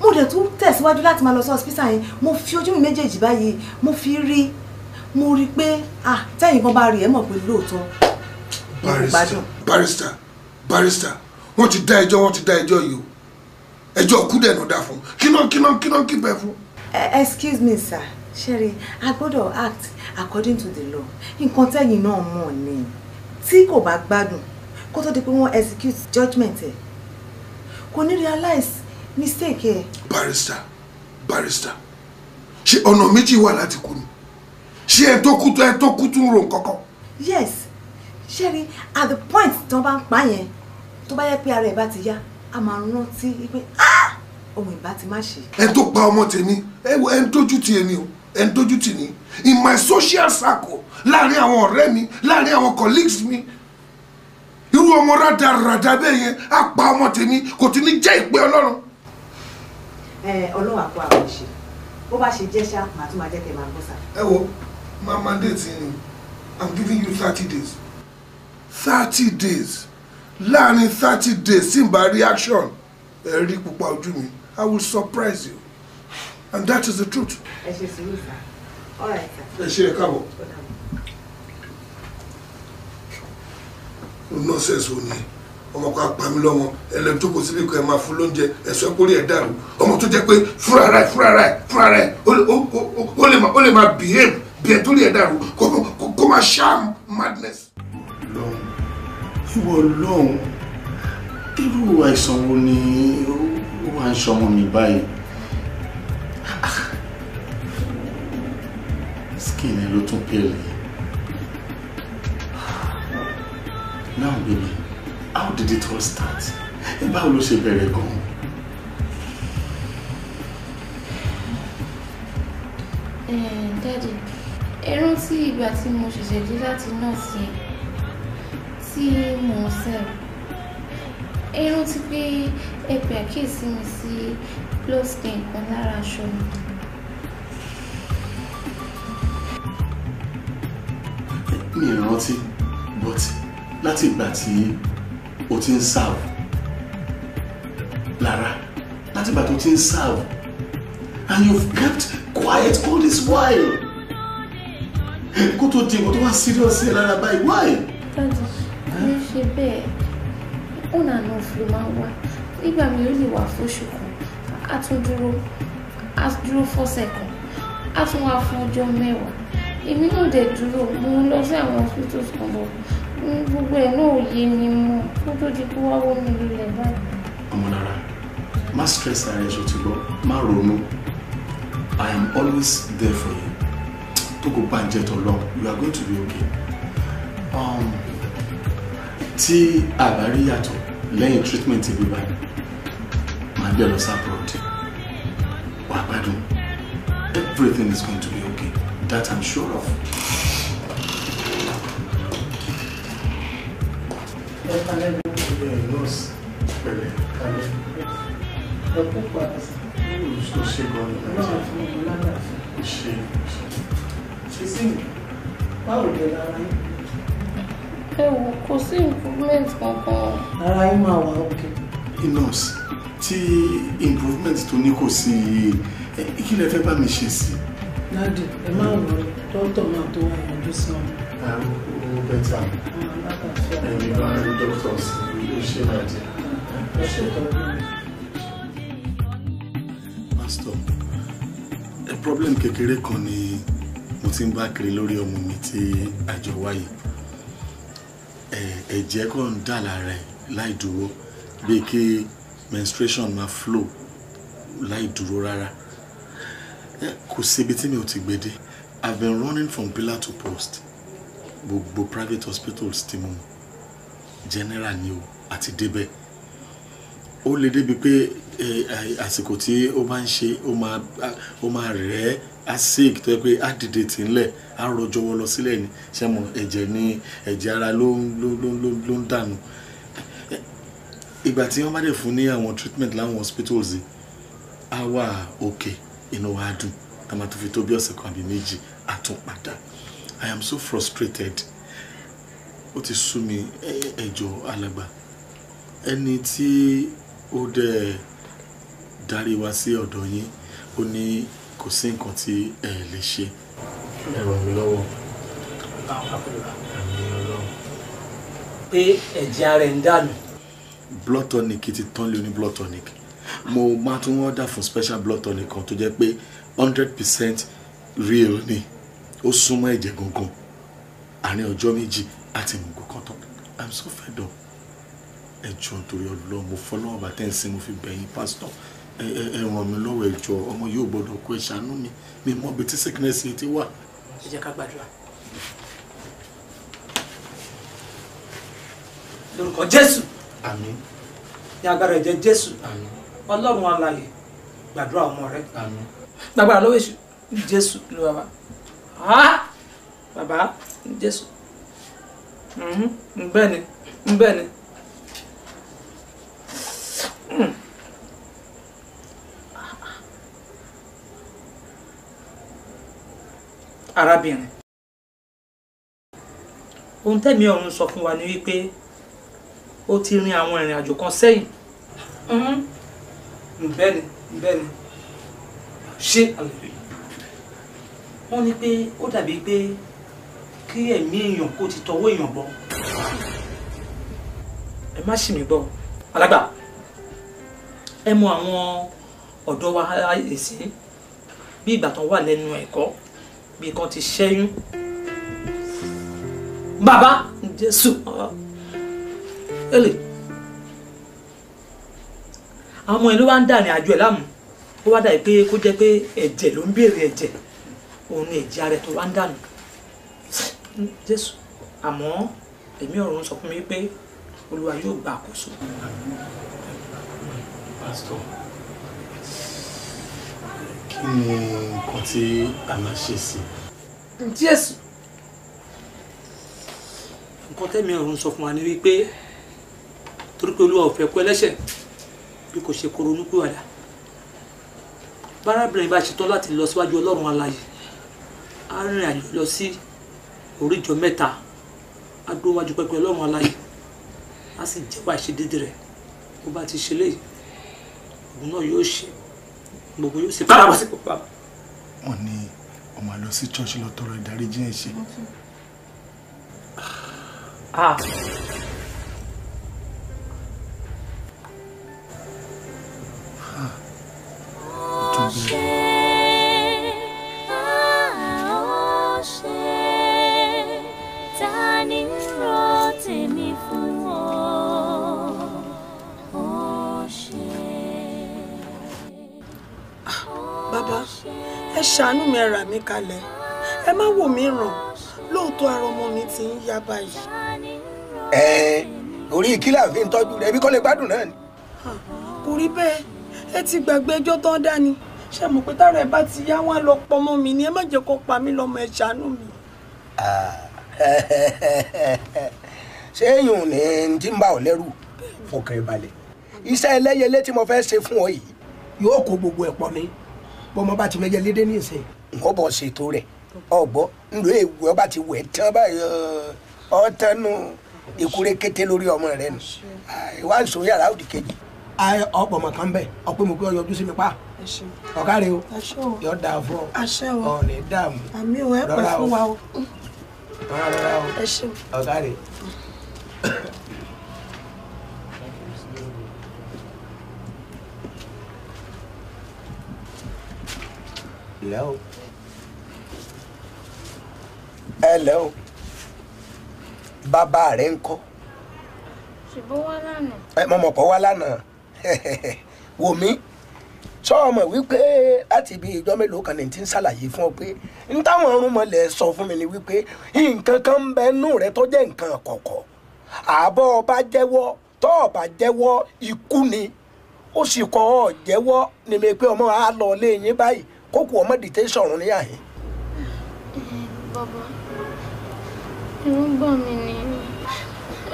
mo dẹ̀ tún tẹ̀síwájú láti máa lọ sí hospital yẹn mo fi ojú mi méjèèjì báyìí mo fi rí mo rí i pé ah tẹ́yìn gan bá rí ẹ mọ̀ pé lóòótọ́ barrister barrister barrister wọ́n ti dá ẹjọ́ wọ́n ti dá ẹjọ́ yìí o ẹjọ́ kú dẹ̀ ló dá fún kíná kíná kíná kí bẹ́ẹ̀ fún. excuse me sir sherry i gbọ́dọ̀ act according to the law nǹkan tẹ́yìn náà mọ̀ ni tí kò bá gbádùn kó tó di pé wọ́n execute judgement ẹ̀ kò ní realize mistake ẹ̀. barrister barrister ṣé ọ̀nà méjì wà láti kú ni ṣé ẹ tó kú tó ẹ tó kú tó ń ro nǹkan yes ṣẹ́ni at the point tó bá ń pa yẹn tó bá yẹ pé ara ẹ̀ bá ti yá a máa rántí pé ah! ohun ìbá ti má ṣe. ẹ tó pa ọmọ tèmi ẹ ń dójú ti o ẹni tójú tì in my social circle láàrin àwọn ọ̀rẹ́ mi láàrin àwọn colleagues mi irú ọmọ rádaràdà bẹ́ẹ̀ yẹn á pa ọmọ tèmi kò ti ní jẹ́ ìpè ọlọ́run. ẹ ọlọ́run àpò àwọn ìṣe bó bá ṣe jẹ́ ṣá màá tún máa jẹ́ kẹ́ máa gbọ́ sá. ẹ wo my mandate ni i'm giving you thirty days thirty days láàrin thirty days tí n bá reaction ẹ rí pupa ojú mi i will surprise you and that is the truth. ẹ ṣe sùúrù sá ọ̀rọ̀ ẹ̀ sá. ẹ ṣe ẹ káàbọ̀. o nọ́ọ̀sẹ̀sì ò ní ọmọ kan apami lọ́mọ ẹlẹ́nu tó kò síbi kan ẹ̀ máa fún lóúnjẹ ẹ̀sọ́ kórè ẹ̀ dàrú ọmọ tó jẹ́ pé fúnra rẹ̀ fúnra rẹ̀ fúnra rẹ̀ ó lè máa behave bí ẹ̀ tó lè ẹ̀ dàrú kó máa ṣáà madness. lọ́hùn ìwọ lọ́hùn irú àìsàn wo ni ó wà ń ṣọmọ mi báyìí skin ló tún pẹ́ẹ́lì now baby how did it all start ẹ báwo ló ṣe bẹ̀rẹ̀ gan-an. Eh, Daddy, ẹ rántí ìgbà tí mo ṣẹ̀ṣẹ̀ dé láti nọ́ọ̀sì tí mò ń sẹ́rù ẹ rántí pé ẹ pè àkíyèsí mi sí close ní nǹkan lára aṣọ mi. mi ò rántí but láti ìgbà tí o ti ń ṣàwò lára láti ìgbà tó ti ń ṣàwò and you've kept quiet all this while kó tó di ìwọ tó wá serious yẹn lára báyìí why. dájú mi ṣe bẹ́ẹ̀ ó nà nà òfin máa wá nígbà mi ò lè wà fóṣù kan a tún dúró a dúró fọ́sẹ̀ kan a tún wá fún ọjọ́ mẹ́wàá èmi náà dẹ̀ dúró mo ń lọ sí àwọn hospitals kan bọ̀ gbogbo ẹ̀ náà ò yé mi mọ́ kó tó di kó wá wó mi lulẹ̀ báyìí. ọmọlára má stress ara ẹ ṣòtí gbọ́ má ronú i am always there for you tó kò bá ń jẹ tọ̀ lọ you are going to be okay um, tí àbá rí yàtọ̀ lẹ́yìn treatment ìbí báyìí àbí ọ̀lọ́ sábúròd wà gbádùn everything is going to be okay that I'm sure of. Báwo ni ọ̀la ara yín? ẹ wò kò sí improvement kankan. ara yín máa wà òkè. inú ọ̀sìn tí improvement tó ní kò sí kí lẹ fẹ́ bá mi se sí. dáàdì ẹ má wọ dókítà máa tó wà lójú sí ọ. ó bẹ́tà ẹ̀yin bá rí dókítà sí ló ṣe máa jẹ. pásítọ̀ ẹ problem kékeré kan ni mo ti ń bá kiri lórí ọmọ mi tí àjọ wáyé ẹ̀jẹ̀ kan ń dà lára ẹ̀ láì dúró bíi kí menstruation máa flow láì dúró rárá kò síbi tí mi ò ti gbé I've been running from pillar to post gbogbo private hospitals tí mo general ni o àti débẹ̀ ó lè débi pé àsìkò tí ó máa ń ṣe ó máa rẹ̀ á sick tó yẹ pé á dìde tì ń lẹ̀ á rọjò wọ́ lọ ni ṣé mo ẹ̀jẹ̀ ni ẹ̀jẹ̀ ara ló ń dànù ìgbà tí wọ́n bá dẹ̀ fún ní àwọn treatment láwọn hospitals yìí á wà òkè inú wa dùn tá a máa tún fi tó bí ọ̀sẹ̀ kan àbí méjì á tún padà i am so frustrated ó ti sú mi ẹjọ́ alàgbà ẹni tí ó dẹ̀ darí wa sí ọ̀dọ̀ yín ó ní kò sí nǹkan tí ẹ lè ṣe ẹ ràn mí lọ́wọ́. pé ẹ̀jẹ̀ ara ń dànù blood tonic ti tán lé oní blood tonic mo máa tún wọ́n dà fún special blood tonic kan tó jẹ́ pé hundred percent real ni ó súnmọ́ ẹ̀jẹ̀ gangan àárín ọjọ́ méjì àti ìmùgò kan tán i'm so fed up ẹ jọ̀ọ́ nítorí Ọlọ́run mo fọlọ́wọ́ bàtẹ́ ń sin mo fi bẹ̀yìn pásítọ̀ ẹ ràn mí lọ́wọ́ ẹ jọ̀ọ́ ọmọ yóò gbọ́dọ̀ kú ẹ ṣàánú mi mi mọ ibi tí sickness yìí ti wà. ẹ jẹ́ ká gbàdúrà. lórúkọ Jésù. àmín ní agbára ẹ̀jẹ̀ jésù ọlọ́run gbàdúrà ọmọ rẹ gbàgbára lọ́wọ́ èṣù jésù ló bàbá baba. jésù mm-hmm. bẹ́ẹ̀ ni mm. arábìnrin ohun tẹ́mi ọ̀run sọ fún ó ti rin àwọn ìrìn àjò kan sẹ́yìn. Mm-hmm. bẹ́ẹ̀ni bẹ́ẹ̀ni ṣé àlejò wọ́n ní pé ó dàbí pé kí ẹ̀mí èèyàn kó ti tọwọ́ èèyàn bọ́. ẹ má ṣì mí gbọ́ alágbà ẹ mọ àwọn ọ̀dọ́ wa èsì bí ìgbà tán wà lẹ́nu ẹ̀kọ́ bí kan ti ṣẹ́yún bàbá jésù. Uh, ele àwọn ọmọ yẹn ló wá ń dà ní àjọ ẹ̀ láàmú ó wá dàbí pé kó jẹ́ pé ẹ̀jẹ̀ ló ń béèrè ẹ̀jẹ̀ òun ni ẹ̀jẹ̀ ara ẹ̀ tó wá ń dànù jésù àmọ́ ẹ̀mí ọ̀run sọ fún mi pé olúwa yóò gba àkóso. kí ni nǹkan tí a máa ṣe sí jésù nǹkan tẹ́mi ọ̀run sọ fún wa ni wípé torí pé olúwa ò fẹ́ kú ẹlẹ́ṣẹ̀ bí kò ṣe koro olúkúwàdà bárábìnrin bá ṣetán láti lọ síwájú ọlọ́run alààyè á rìnrìn àjò lọ sí oríjọ mẹ́ta á dúró wájú pẹpẹ ọlọ́run alààyè á sì jẹ́wọ́ àìṣedédé rẹ̀ bó bá ti ṣe léyìí òun náà yóò ṣe gbogbo yóò ṣe padà wá sí pàpà. wọn ní ọmọ àlọ sí ṣọ́ọ̀ṣì lọ tọrọ ìdáríjì ẹ̀ṣẹ̀. Ah, ṣàánú mi ẹ rà mí kalẹ̀ ẹ má wò mí ràn lóòótọ́ ara ọmọ mi ti ń yá báyìí. ẹ orí ìkílà fi ń tọ́jú rẹ ibi kọ́ lè gbádùn náà ni. kò rí bẹ́ẹ̀ ẹ ti gbàgbé ẹjọ́ tán dání ṣé mo pé tára ẹ bá ti yá wọn lọ pọmọ mi ni ẹ má jẹ́ kó pa mí lọ́mọ ẹ ṣàánú mi. ṣé èèyàn ní tí ń bá ọ lẹ́rù fọkàn ẹ balẹ̀ iṣẹ́ ẹlẹ́yẹlé tí mo fẹ́ ṣe fún ọ yìí yóò kó gbogbo ẹ̀ pọ̀ mi bọ́mọ bá ti mẹ́jẹ lédè ní ìsìn wọ́n bọ̀ ṣètò rẹ̀ ọ̀gbọ́ ńlò èwù ọba ti wẹ̀ tán báyìí ọ̀tán nù ìkúrẹ́ kété lórí ọmọ rẹ nù wá ń sọ yàrá òdì kejì. ọ̀pọ̀ mọ̀kàn bẹ́ẹ̀ ọ̀pẹ́ mo gbé ọ yọjú sí mi pa ọ̀ká rẹ o yọ da fún ọ ọ̀nì dààmú lọ́ra o lọ́ra lọ́ra o ọ̀ká rẹ. o ẹ lẹ́ o bàbá rẹ̀ ń kọ́. ṣùgbọ́n wá lánàá. ẹ mọ̀ mọ̀ pọ̀ wá lánàá wò mí sọ́ọ̀mọ̀ wípé láti ibi ìjọ mélòó kan ní ti ń ṣàlàyé fún ọ pé n táwọn ọrùn mọ̀lẹ́ sọ fún mi ni wípé nǹkan kan ń bẹ nù rẹ tó jẹ́ nǹkan àkọ́kọ́ àbọ̀ ọba jẹ́wọ́ tọ́ ọba jẹ́wọ́ ikú ni ó sì kọ́ ọ jẹ́wọ́ ni mi pé ọmọ á lọ lé yín báyìí kókò ọmọ dìtẹ́ sọ̀rùn ní àyè. bàbá irúgbọ́n mi ni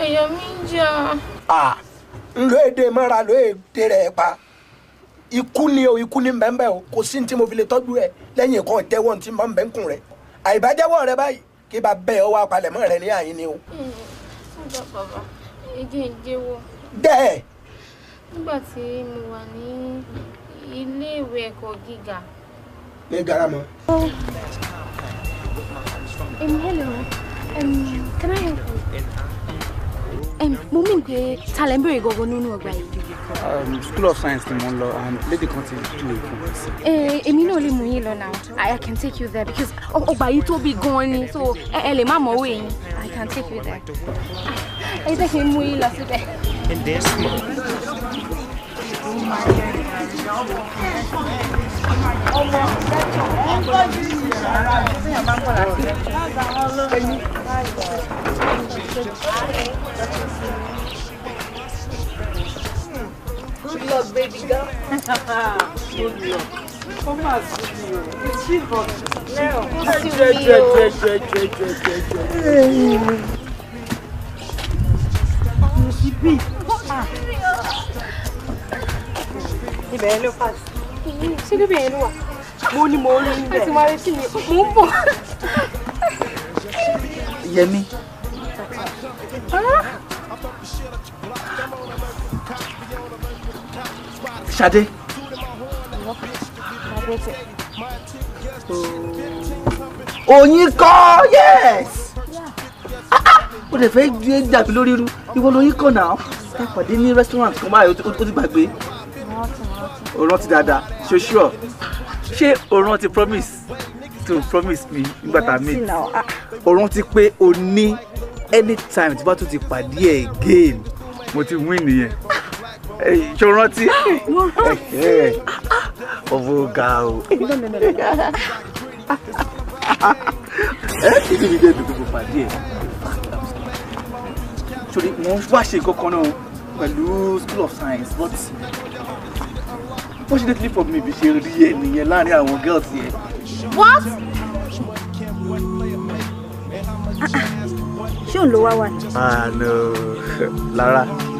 ẹ̀yọ́ mi ń jà. à ń lo èdè mọ́ra lo èdè rẹ̀ pa ikú ni o ikú ni bẹ́ẹ̀ o kò sí ní tí mo fi lè tọ́jú rẹ lẹ́yìn ìkọ́ ìtẹ́wọ́ tí mo bẹ́ẹ̀ ń kùn rẹ àìbájẹ́wọ́ rẹ báyìí kí bá bẹ́ẹ̀ ọ wá palẹ̀mọ́ rẹ ní àyín ni o. bẹ́ẹ̀. nígbà tí mo wà ní ilé ìwé ẹ̀kọ́ gíga. ní Garama. Um, hello. Um, can I help you? mo mìn pé talẹ̀ bèrè gọ́gọ́ nínú ọgbà yìí. Um, school of science ni mo ń lọ and lady kan ti ju èkó. èmi náà lè mú yín lọ now i can take you there because ọgbà yìí tóbi gan-an ni so ẹ lè má mọ̀wé yín i can take you there. Ah, ẹ jẹ́ kí n mú yín lọ síbẹ̀. ọmọ ẹ Good luck, baby girl. Good luck. Como assim? Silva. Léo. Silvio. Que belo eu faço. Chega bem, Lua. Muni, muni. Esse marido é Muito bom. Yemi. Ṣadé. Oyin kọ́ yes. O lè fẹ́ gbé dàbí lórí irú ìwọ lóyin kọ̀ náà. Ká pàdé ní restaurant kan báyìí ó ti gbàgbé. O rántí dáadáa ṣe sure. Ṣé o rántí promise to promise me nígbà tá a meet? O rántí pé o ní anytime tí bá tún ti pàdé ẹ̀ again mo ti win nìyẹn ṣe rántí. mo rántí. ọ̀bùn ga o. ìdí mi jẹ́ dùdùkú pàdé ẹ̀. sori wọ́n wá ṣe kankan náà pẹ̀lú school of science but fortunately for me bí ṣe rí ẹ nìyẹn láàrin àwọn girls yẹn. what. ṣé òun ló wá wà ní. àná lára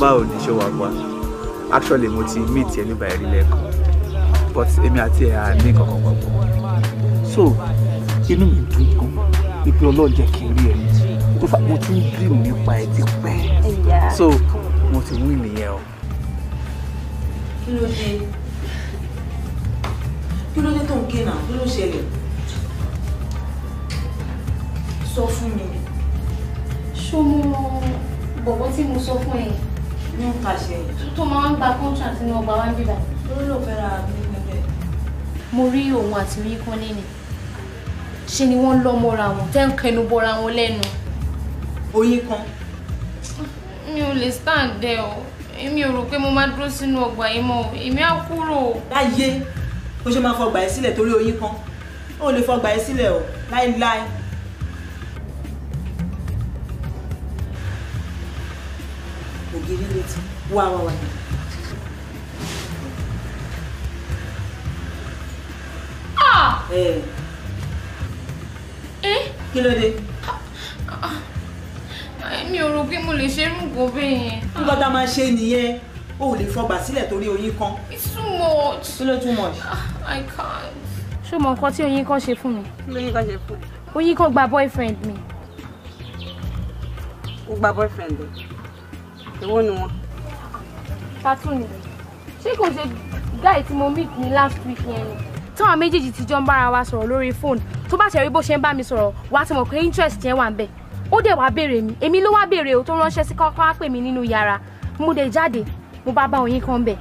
báwo ni ṣe wà wá actually mo ti meet ẹ nígbà ẹ̀rí lẹ́ẹ̀kan but èmi àti ẹ̀ á kankan papọ̀ so inú mi dùn gan wípé ọlọ́run jẹ́ kí n rí mo ti ń dream nípa ẹ ti pẹ́ so mo ti wí nìyẹn o. kí ló dé kí ló dé tó ń ké náà kí ló ṣẹlẹ̀ sọ fún mi. ṣó mo bọ̀bọ̀ tí mo sọ fún ẹ ní ìpàṣẹ. tó máa ń gba contract ní ọgbà wájú dà. lórí ló fẹ́ ra nílẹ̀ rẹ̀. mo rí òun àti rí kán lẹ́nu ṣe ni wọ́n lọ́ mọ́ra wọn tẹ́ ń kẹnu bọ́ra wọn lẹ́nu. oyin kan. mi ò lè stand there o èmi ò rò pé mo máa dúró sínú ọgbà yìí mọ́ èmi á kúrò. láyé bó ṣe máa fọgbà yìí sílẹ̀ torí oyin kan ó lè fọgbà yìí sílẹ̀ o láéláé. Wow! létí wá wá wá. kí ló dé. Ah, mi ò rò pé mo lè ṣe irú nǹkan bẹ́ẹ̀ yẹn. nǹkan tá a máa ṣe nìyẹn o ò lè fọgbà sílẹ̀ torí oyin kan. it's too much. kí ló too much. Ah, i can't. ṣé o mọ nǹkan tí oyin kan ṣe fún mi. kí lóyin kan ṣe fún mi. oyin kan gba boyfriend mi. o gba boyfriend ẹ èwo ni wọn. cartoon ṣé kò ṣe guy tí mo meet ní last week yẹn ni. táwọn méjèèjì ti jọ ń bára wa sọ̀rọ̀ lórí fóònù tó bá ṣe rí bó ṣe ń bá mi sọ̀rọ̀ wá ti mọ̀ pé interest yẹn wà ń bẹ̀ ó dẹ̀ wá béèrè mi èmi ló wá béèrè o tó ránṣẹ́ sí kọ́kọ́ á pè mí nínú yàrá mo dẹ̀ jáde mo bá bá òyìn kan bẹ̀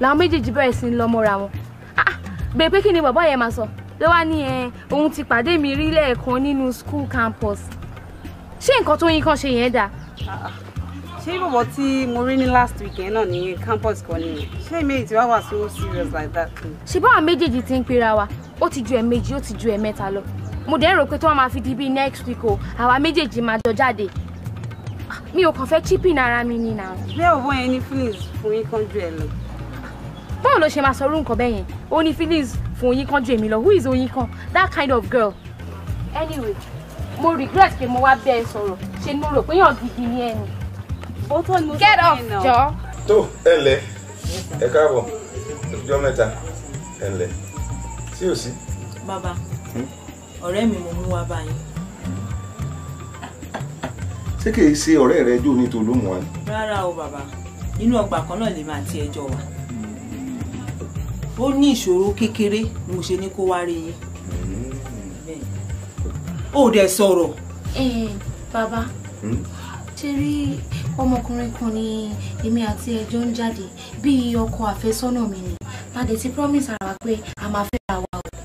làwọn méjèèjì bẹ̀rẹ̀ sí ń lọ mọ́ra wọn ah, ah, bèè pé kí ni bàbá yẹn máa sọ ló wá ní ẹ òun ti pàdé mi rí lẹ́ẹ̀kan nínú school campus ṣé nǹkan tó yín kan ṣe yẹn dáa ṣé bọ̀bọ̀ tí mo rí ní last weekend náà ní campus kan nìyẹn ṣé ìmẹ̀yì tí wàá wà so serious like that. ṣé báwọn méjèèjì ti ń pera wa ó ti ju ẹ̀ẹ̀mejì ó ti ju ẹ̀ẹ̀mẹ́ta lọ mo dẹ̀ rò pé tí wọ́n máa fi di bíi next week o àwa méjèèjì máa jọ jáde ah, mi ò kàn fẹ́ chipping ara mi ni na. bẹ́ẹ̀ ò bọ́ yẹn ní feelings fún yín kan ju ẹ lọ. báwo ló ṣe máa sọ orú nǹkan bẹ́ẹ̀ yẹn ó ní feelings fún yín kan ju èmi lọ who is oyin kan that kind of girl. anyway mo regret pé mo wá bẹ́ẹ̀ sọ̀rọ̀ ṣe ni mo rò pé yàn gidi ni ẹni get off jọ. To, ẹ lẹ ẹ káàbọ̀ ọjọ́ mẹ́ta ẹ lẹ sí ò sí. bàbá mi mo mú wá báyìí. ṣé kì í ṣe ọ̀rẹ́ rẹ jó ní tòlóhùn wa. rárá o Baba. Inu ọgbà kan náà lè máa ti ẹjọ́ wa ó ní ìṣòro kékeré ni mo ṣe ní kó wá rí yín mm-hmm. ó dẹ̀ sọ̀rọ̀. ẹ eh, bàbá hmm? ṣe rí ọmọkùnrin kan ni èmi àti ẹjọ́ ń jáde bíi ọkọ àfẹ́sọ́nà mi ni tàdé ti promise ara wa pé a máa fẹ́ ra wa o